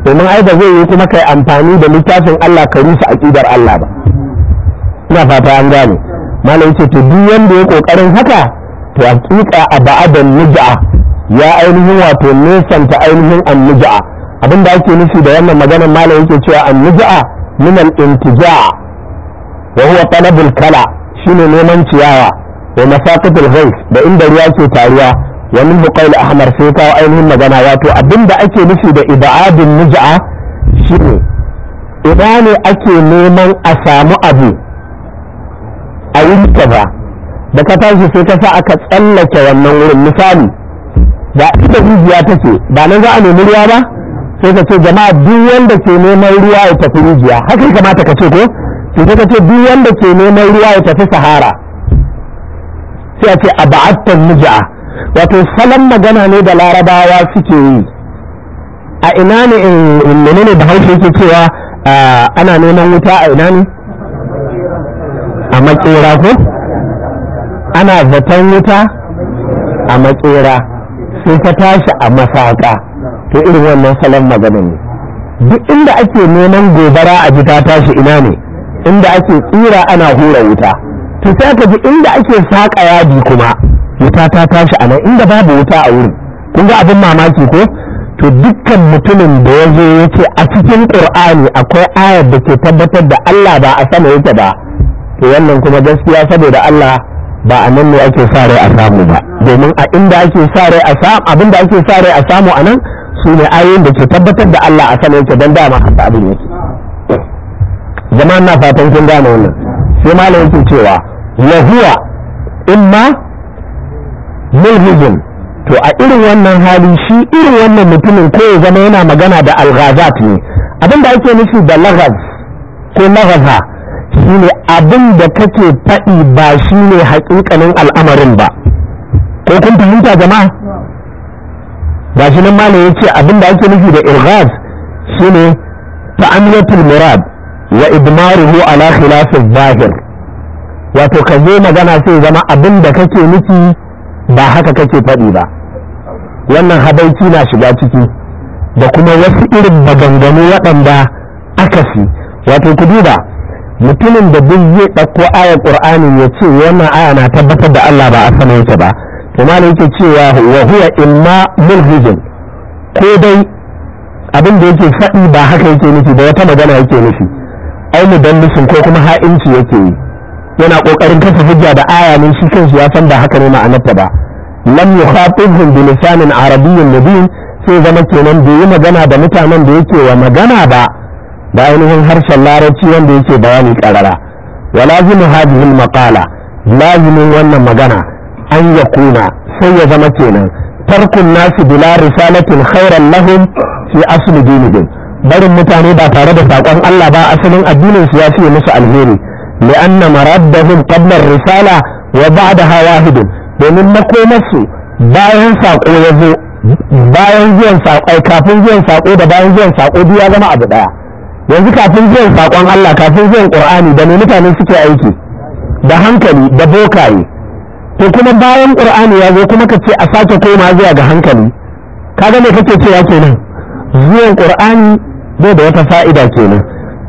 domin ai ba zai yi kuma kai amfani da littafin Allah ka rusa aqidar Allah ba ina fata an gane malam ce to duk wanda ya kokarin haka to hakika a ba'adan nujaa ya ainihin wato nesanta ainihin annujaa abin da ake nufi da wannan maganar malam yake cewa annujaa min al-intijaa wa huwa al kala shine neman ciyawa wa masaqitul ghayth da inda ruwa ke taruwa wani minhu ahmar sai kawo ainihin magana wato abinda ake nufi da ibadin shi shine ina ne ake neman a samu abu a wuri ba da ka tashi sai ka sa aka tsallake wannan wurin misali da ita rijiya take ba nan za a nemi ruwa ba sai ka ce jama'a duk wanda ke neman ruwa ya tafi rijiya haka ya kamata ka ce ko sai ka ce duk wanda ke neman ruwa ya tafi sahara sai a ce a ba'attan nija'a wato salon magana ne da larabawa suke yi a ina ne in menene da haushe yake cewa ah, ana neman wuta a ina ne a makera ko ana zaton wuta a makera sai ka tashi a masaka to irin wannan salon magana ne duk inda ake neman gobara a ji ta tashi ina ne inda ake tsira ana hura wuta to sai aka ji inda ake saƙa yadi kuma wuta ta tashi a nan inda babu wuta a wurin kun ga abin mamaki ko to dukkan mutumin da ya zo ya ce a cikin qur'ani akwai ayar da ke tabbatar da Allah ba a sama yake ba to wannan kuma gaskiya saboda Allah ba a nan ne ake sa rai a samu ba domin a inda ake sa rai a samu abinda ake sa rai a samu a nan su ne ayoyin da ke tabbatar da Allah a sama yake don dama haka abin yake Zaman na fatan kun gane wannan sai malam yake cewa yahuwa imma mulhijin to a irin wannan hali shi irin wannan mutumin ko ya zama yana magana da alghazat ne abin da ake nufi da lagaz ko lagaza shi abin da kake faɗi ba shi ne haƙiƙanin al'amarin ba ko kun fahimta jama'a ba shi nan malam yace ce abin da ake nufi da irghaz shine ne ta'amiyatul murad wa idmaruhu ala khilafiz zahir wato ka magana sai zama abin da kake nufi ba haka kake faɗi ba wannan habaici na shiga ciki da kuma wasu irin maganganu waɗanda aka fi wato ku duba mutumin da duk zai ɗauko ayar ƙur'ani ya ce wannan aya na tabbatar da Allah ba a sama yake ba to ma yake cewa wa huwa imma mulhijin ko dai abin da yake faɗi ba haka yake nufi da wata magana yake nufi ai mudallisin ko kuma ha'inci yake yi yana kokarin kasa hujja da aya ne shi kansu ya san ba haka ne ma'anarta ba lam yukhatibhum bi lisanin arabiyyin mubin sai zama kenan bai yi magana da mutanen da yake wa magana ba da ainihin harshen larabci wanda yake bayani karara wa lazimu hadhihi maqala lazimin wannan magana an yakuna sai ya zama kenan tarkun nasu bila risalatin khairan lahum fi asli dinihim barin mutane ba tare da sakon Allah ba asalin addinin su ya fiye musu alheri li'anna maraddahum qabla risala wa ba da domin makomarsu bayan sako ya zo bayan zuwan sako kafin zuwan saƙo da bayan zuwan saƙo duk ya zama abu ɗaya yanzu kafin zuwan saƙon Allah kafin zuwan Qur'ani da ne mutane suke aiki da hankali da bokaye to kuma bayan Qur'ani ya zo kuma ce a sake koma zuwa ga hankali kaga me kake cewa kenan zuwan Qur'ani bai da wata fa'ida kenan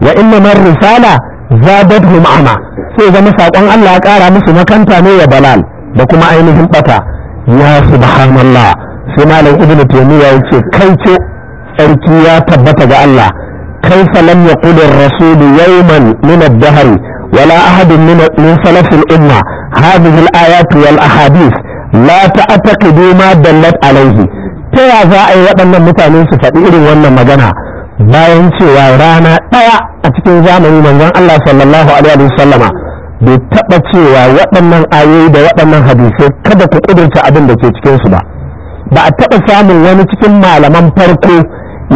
wa inna man risala zadat hum ama sai zama saƙon Allah ya kara musu makanta ne ya balal da kuma ainihin bata ya subhanallah sai malam ibnu taymiya yace kai ce sarki ya tabbata ga Allah kai salam ya qudir rasul yawman min ad-dahr wala ahad min min salaf al-umma hadhihi al-ayat wal ahadith la ta'taqidu ma dallat alayhi ta ya za a yi waɗannan mutane su faɗi irin wannan magana bayan cewa rana ɗaya a cikin zamani manzon Allah sallallahu alaihi wasallama bai taɓa cewa waɗannan ayoyi da waɗannan hadisai kada ku ƙudurta abin da ke cikinsu ba ba a taɓa samun wani cikin malaman farko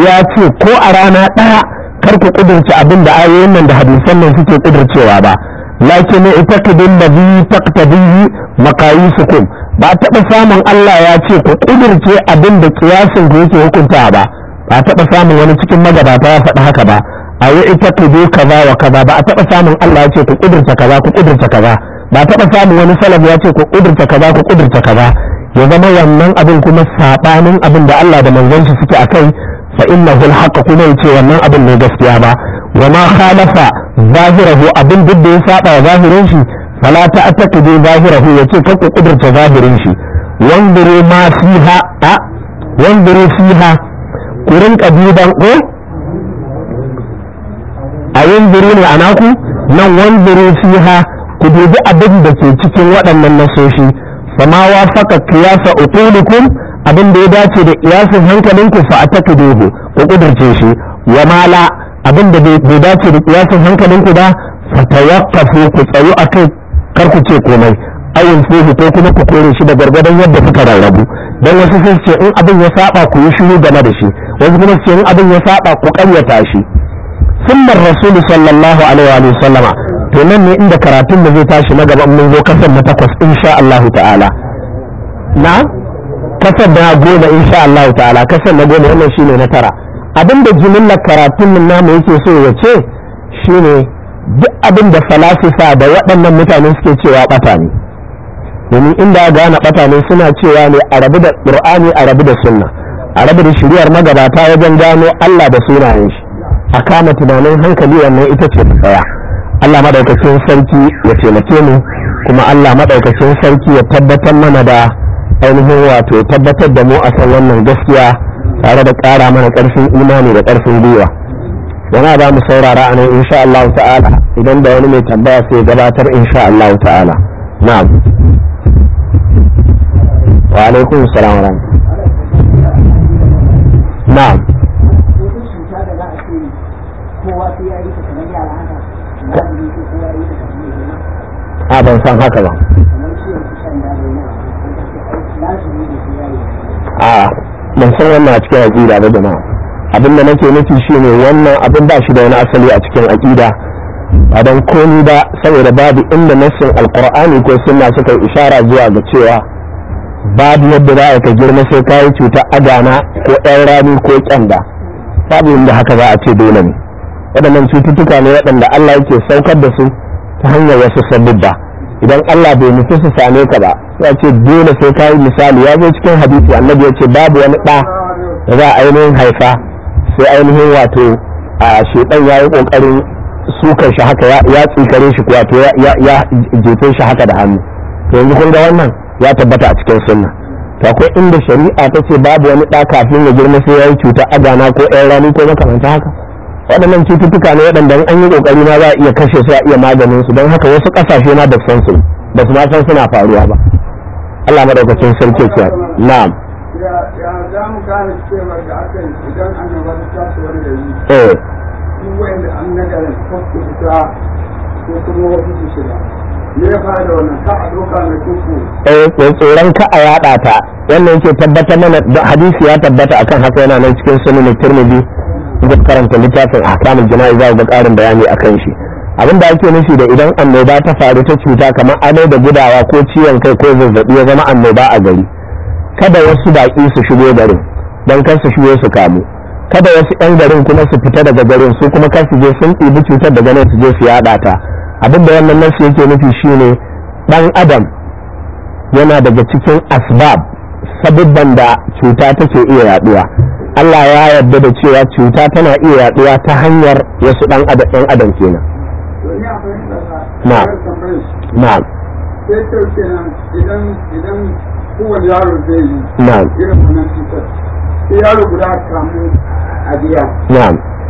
ya ce ko a rana ɗaya kar ku ƙudurci abin da ayoyin nan da hadisan nan suke ƙudurcewa ba lakin ne ita bin da biyu taktabiyi makayi sukun ba a taɓa samun Allah ya ce ku ƙudurce abin da kiyasin ku yake hukunta ba ba taɓa samun wani cikin magabata ya faɗi haka ba a yi ita tudu kaza wa kaza ba a taɓa samun Allah ya ce ku kudurta kaza ku kudurta kaza ba a taɓa samun wani salaf ya ce ku kudurta kaza ku kudurta kaza ya zama wannan abin kuma saɓanin abin da Allah da manzon shi suke kai fa innahu al-haqq kuma yace wannan abin ne gaskiya ba wa ma khalafa zahirahu abin duk da ya saba zahirin shi fala ta'taqidu zahirahu yace kar ku kudurta zahirin shi wanzuru ma fiha a wanzuru fiha ku rinka duban ko a yin biri ne a naku nan wan biri fiha ku dubi abin da ke cikin waɗannan nasoshi Samawa wa faka kiyasa utulukum abin da ya dace da kiyasin hankalinku fa a taku dogo ku kudurce shi wa mala abin da bai dace da kiyasin hankalinku ba fa tawakkafu ku tsayu kai kar ku ce komai ayin fuhu ko kuma ku kore shi da gargadon yadda suka rarrabu don wasu sun ce in abin ya saba ku yi shiru game da shi wasu kuma ce in abin ya saba ku ƙaryata shi sunnar rasulu sallallahu alaihi wa sallama to nan ne inda karatun da zai tashi na gaban mun zo kasan na takwas insha Allah ta'ala na kasan na goma insha Allah ta'ala kasan na goma wannan shine na tara abin da jimillar karatun nan namu yake so ya ce shine duk abin da falasifa da waɗannan mutane suke cewa bata domin inda gane bata ne suna cewa ne a rabu da qur'ani a rabu da sunna a rabu da shiriyar magabata wajen gano Allah da sunayen shi a kama tunanin hankali wannan ita ce tsaya Allah madaukakin sarki ya taimake mu kuma Allah madaukakin sarki ya tabbatar mana da ainihin wato tabbatar da mu a san wannan gaskiya tare da ƙara mana ƙarfin imani da ƙarfin gwiwa yana ba mu saurara a nan insha Allah ta'ala idan da wani mai tambaya sai gabatar insha Allah ta'ala na'am wa السلام ورحمة نعم na'am a ban san haka ba a ban san wannan a cikin aƙida ba abinda nake nufi ne wannan abin ba shi da wani asali a cikin aƙida ba don komi ba saboda babu inda nassin alkur'ani ko sunna suka yi ishara zuwa ga cewa babu yadda za a ka girma sai ka yi cuta agana ko ɗan rani ko ƙyanda babu yadda haka za a ce dole ne waɗannan cututtuka ne waɗanda Allah yake saukar da su ta hanyar wasu sabbida idan Allah bai nufi su same ka ba sai a ce dole sai ka yi misali ya zo cikin hadisi annabi ya ce babu wani ɗa da za a ainihin haifa sai ainihin wato a shedan ya yi ƙoƙarin sukar shi haka ya tsikare shi wato ya jefe shi haka da hannu to yanzu kun ga wannan ya tabbata a cikin sunna to akwai inda shari'a ta ce babu wani ɗa kafin ya girma sai ya yi cutar agana ko ɗan rani ko makamanta haka waɗannan cututtuka ne waɗanda an yi ƙoƙari ma za a iya kashe su a iya maganin su don haka wasu ƙasashe ma ba san su ba su ma san suna faruwa ba Allah madaukakin sarki ya na'am za mu gane cewar da aka yi idan annaba ta tashi wani da yi eh duk wanda an nagara ko kuma wasu su shiga eh tsoron ka a yada ta wannan yake tabbatar mana da hadisi ya tabbata akan haka yana nan cikin sunan tirmidhi da karanta littafin ahkamul jima'i za ga karin bayani akan shi abin da ake nufi da idan annoba ta faru ta cuta kamar amai da gudawa ko ciwon kai ko zazzabi ya zama annoba a gari kada wasu baƙi su shigo garin don kar su shigo su kamu kada wasu 'yan garin kuma su fita daga garin su kuma kar su je sun ɗibi cutar daga nan su je su yaɗa ta abin da wannan nasu yake nufi shi ne, ɗan adam yana daga cikin asbab sabubban da cuta take iya yaduwa Allah ya yarda da cewa cuta tana iya yaduwa ta hanyar wasu ɗan adam ɗan adam kenan na'am na'am idan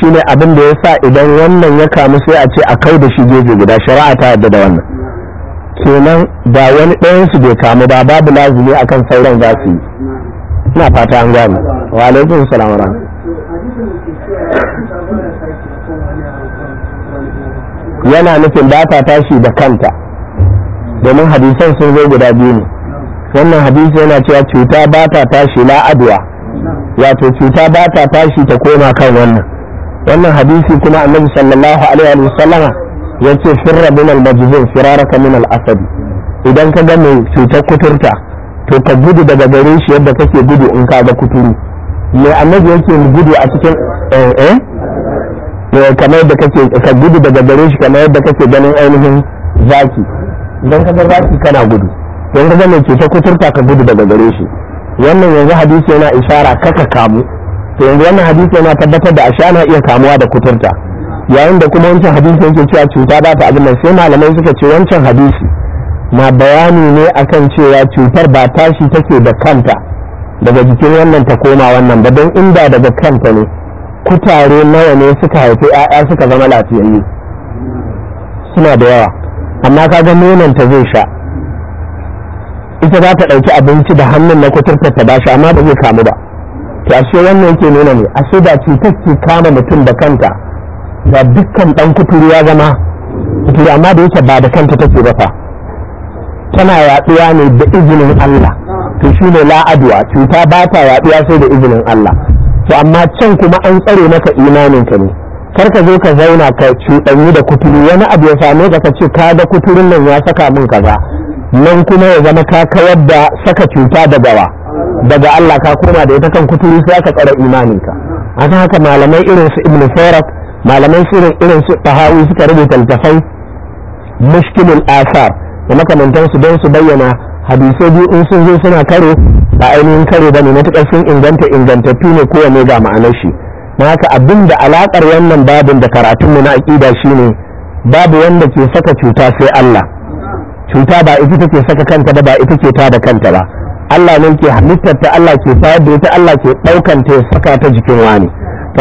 shine abin da ya sa idan wannan ya kamu sai a ce a kai da shi gefe guda shari'a ta yadda da wannan kenan da wani ɗayan su bai kamu ba babu lazumi akan sauran za su yi ina fata an gane wa alaikum salam yana nufin ba ta tashi da kanta domin hadisan sun zo guda biyu ne wannan hadisi yana cewa cuta ba ta tashi la'adwa wato cuta ba ta tashi ta koma kan wannan wannan hadisi kuma annabi sallallahu alaihi wa sallama yace firra min al majzum firaraka min al asad idan ka ga mai cutar kuturta to ka gudu daga gare shi yadda kake gudu in ka ga kuturu me annabi yake gudu a cikin eh eh kamar yadda kake ka gudu daga gare shi kamar yadda kake ganin ainihin zaki idan ka ga zaki kana gudu idan ka ga mai cutar kuturta ka gudu daga gare shi wannan yanzu hadisi yana ishara kaka kamu to yanzu wannan hadisi yana tabbatar da ashe ana iya kamuwa da kuturta yayin da kuma wancan hadisi yake cewa cuta ba ta abin nan sai malamai suka ce wancan hadisi na bayani ne akan cewa cutar ba tashi take da kanta daga jikin wannan ta koma wannan ba don inda daga kanta ne kutare nawa ne suka haifi 'ya'ya suka zama lafiyayye suna da yawa amma kaga nonon ta zai sha ita za ta ɗauki abinci da hannun na kuturtar ta bashi amma ba zai kamu ba to ashe wannan yake nuna ne ashe da cutar ke kama mutum da kanta da dukkan ɗan kuturu ya zama kuturu amma da yake ba da kanta take ba fa tana yaduwa ne da izinin Allah to shi ne la'adwa cuta ba ta yaduwa sai da izinin Allah to amma can kuma an tsare maka imaninka ne kar ka zo ka zauna ka cuɗanyi da kuturu wani abu ya same ka ka ce ka ga kuturun nan ya saka min kaza nan kuma ya zama ka kawar da saka cuta da gawa daga Allah ka koma da ita kan kuturi sai aka tsara imaninka a ta haka malamai irin su ibn Farak malamai su irin su Tahawi suka rubuta littafai mushkilul asar da makamantan su don su bayyana hadisai biyu in sun zo suna karo ba ainihin karo bane matukar sun inganta ingantattu ne kowanne ga ma'anar shi na haka abinda da alakar wannan babin da karatunmu na aƙida shine babu wanda ke saka cuta sai Allah cuta ba ita take saka kanta ba ba ita ke ta da kanta ba Allah ne ke halittar ta Allah ke fayar da ita Allah ke ɗaukan ta ya saka ta jikin wani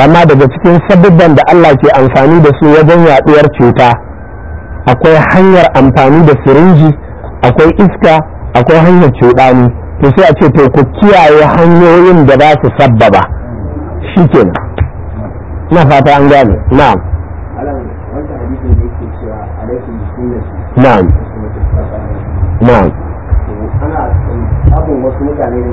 amma daga cikin sabibban da Allah ke amfani da su wajen yaɗuwar cuta akwai hanyar amfani da sirinji akwai iska akwai hanyar cuɗani to sai a ce to ku kiyaye hanyoyin da ba su sabbaba shikenan na fata an gane na'am na'am Gracias.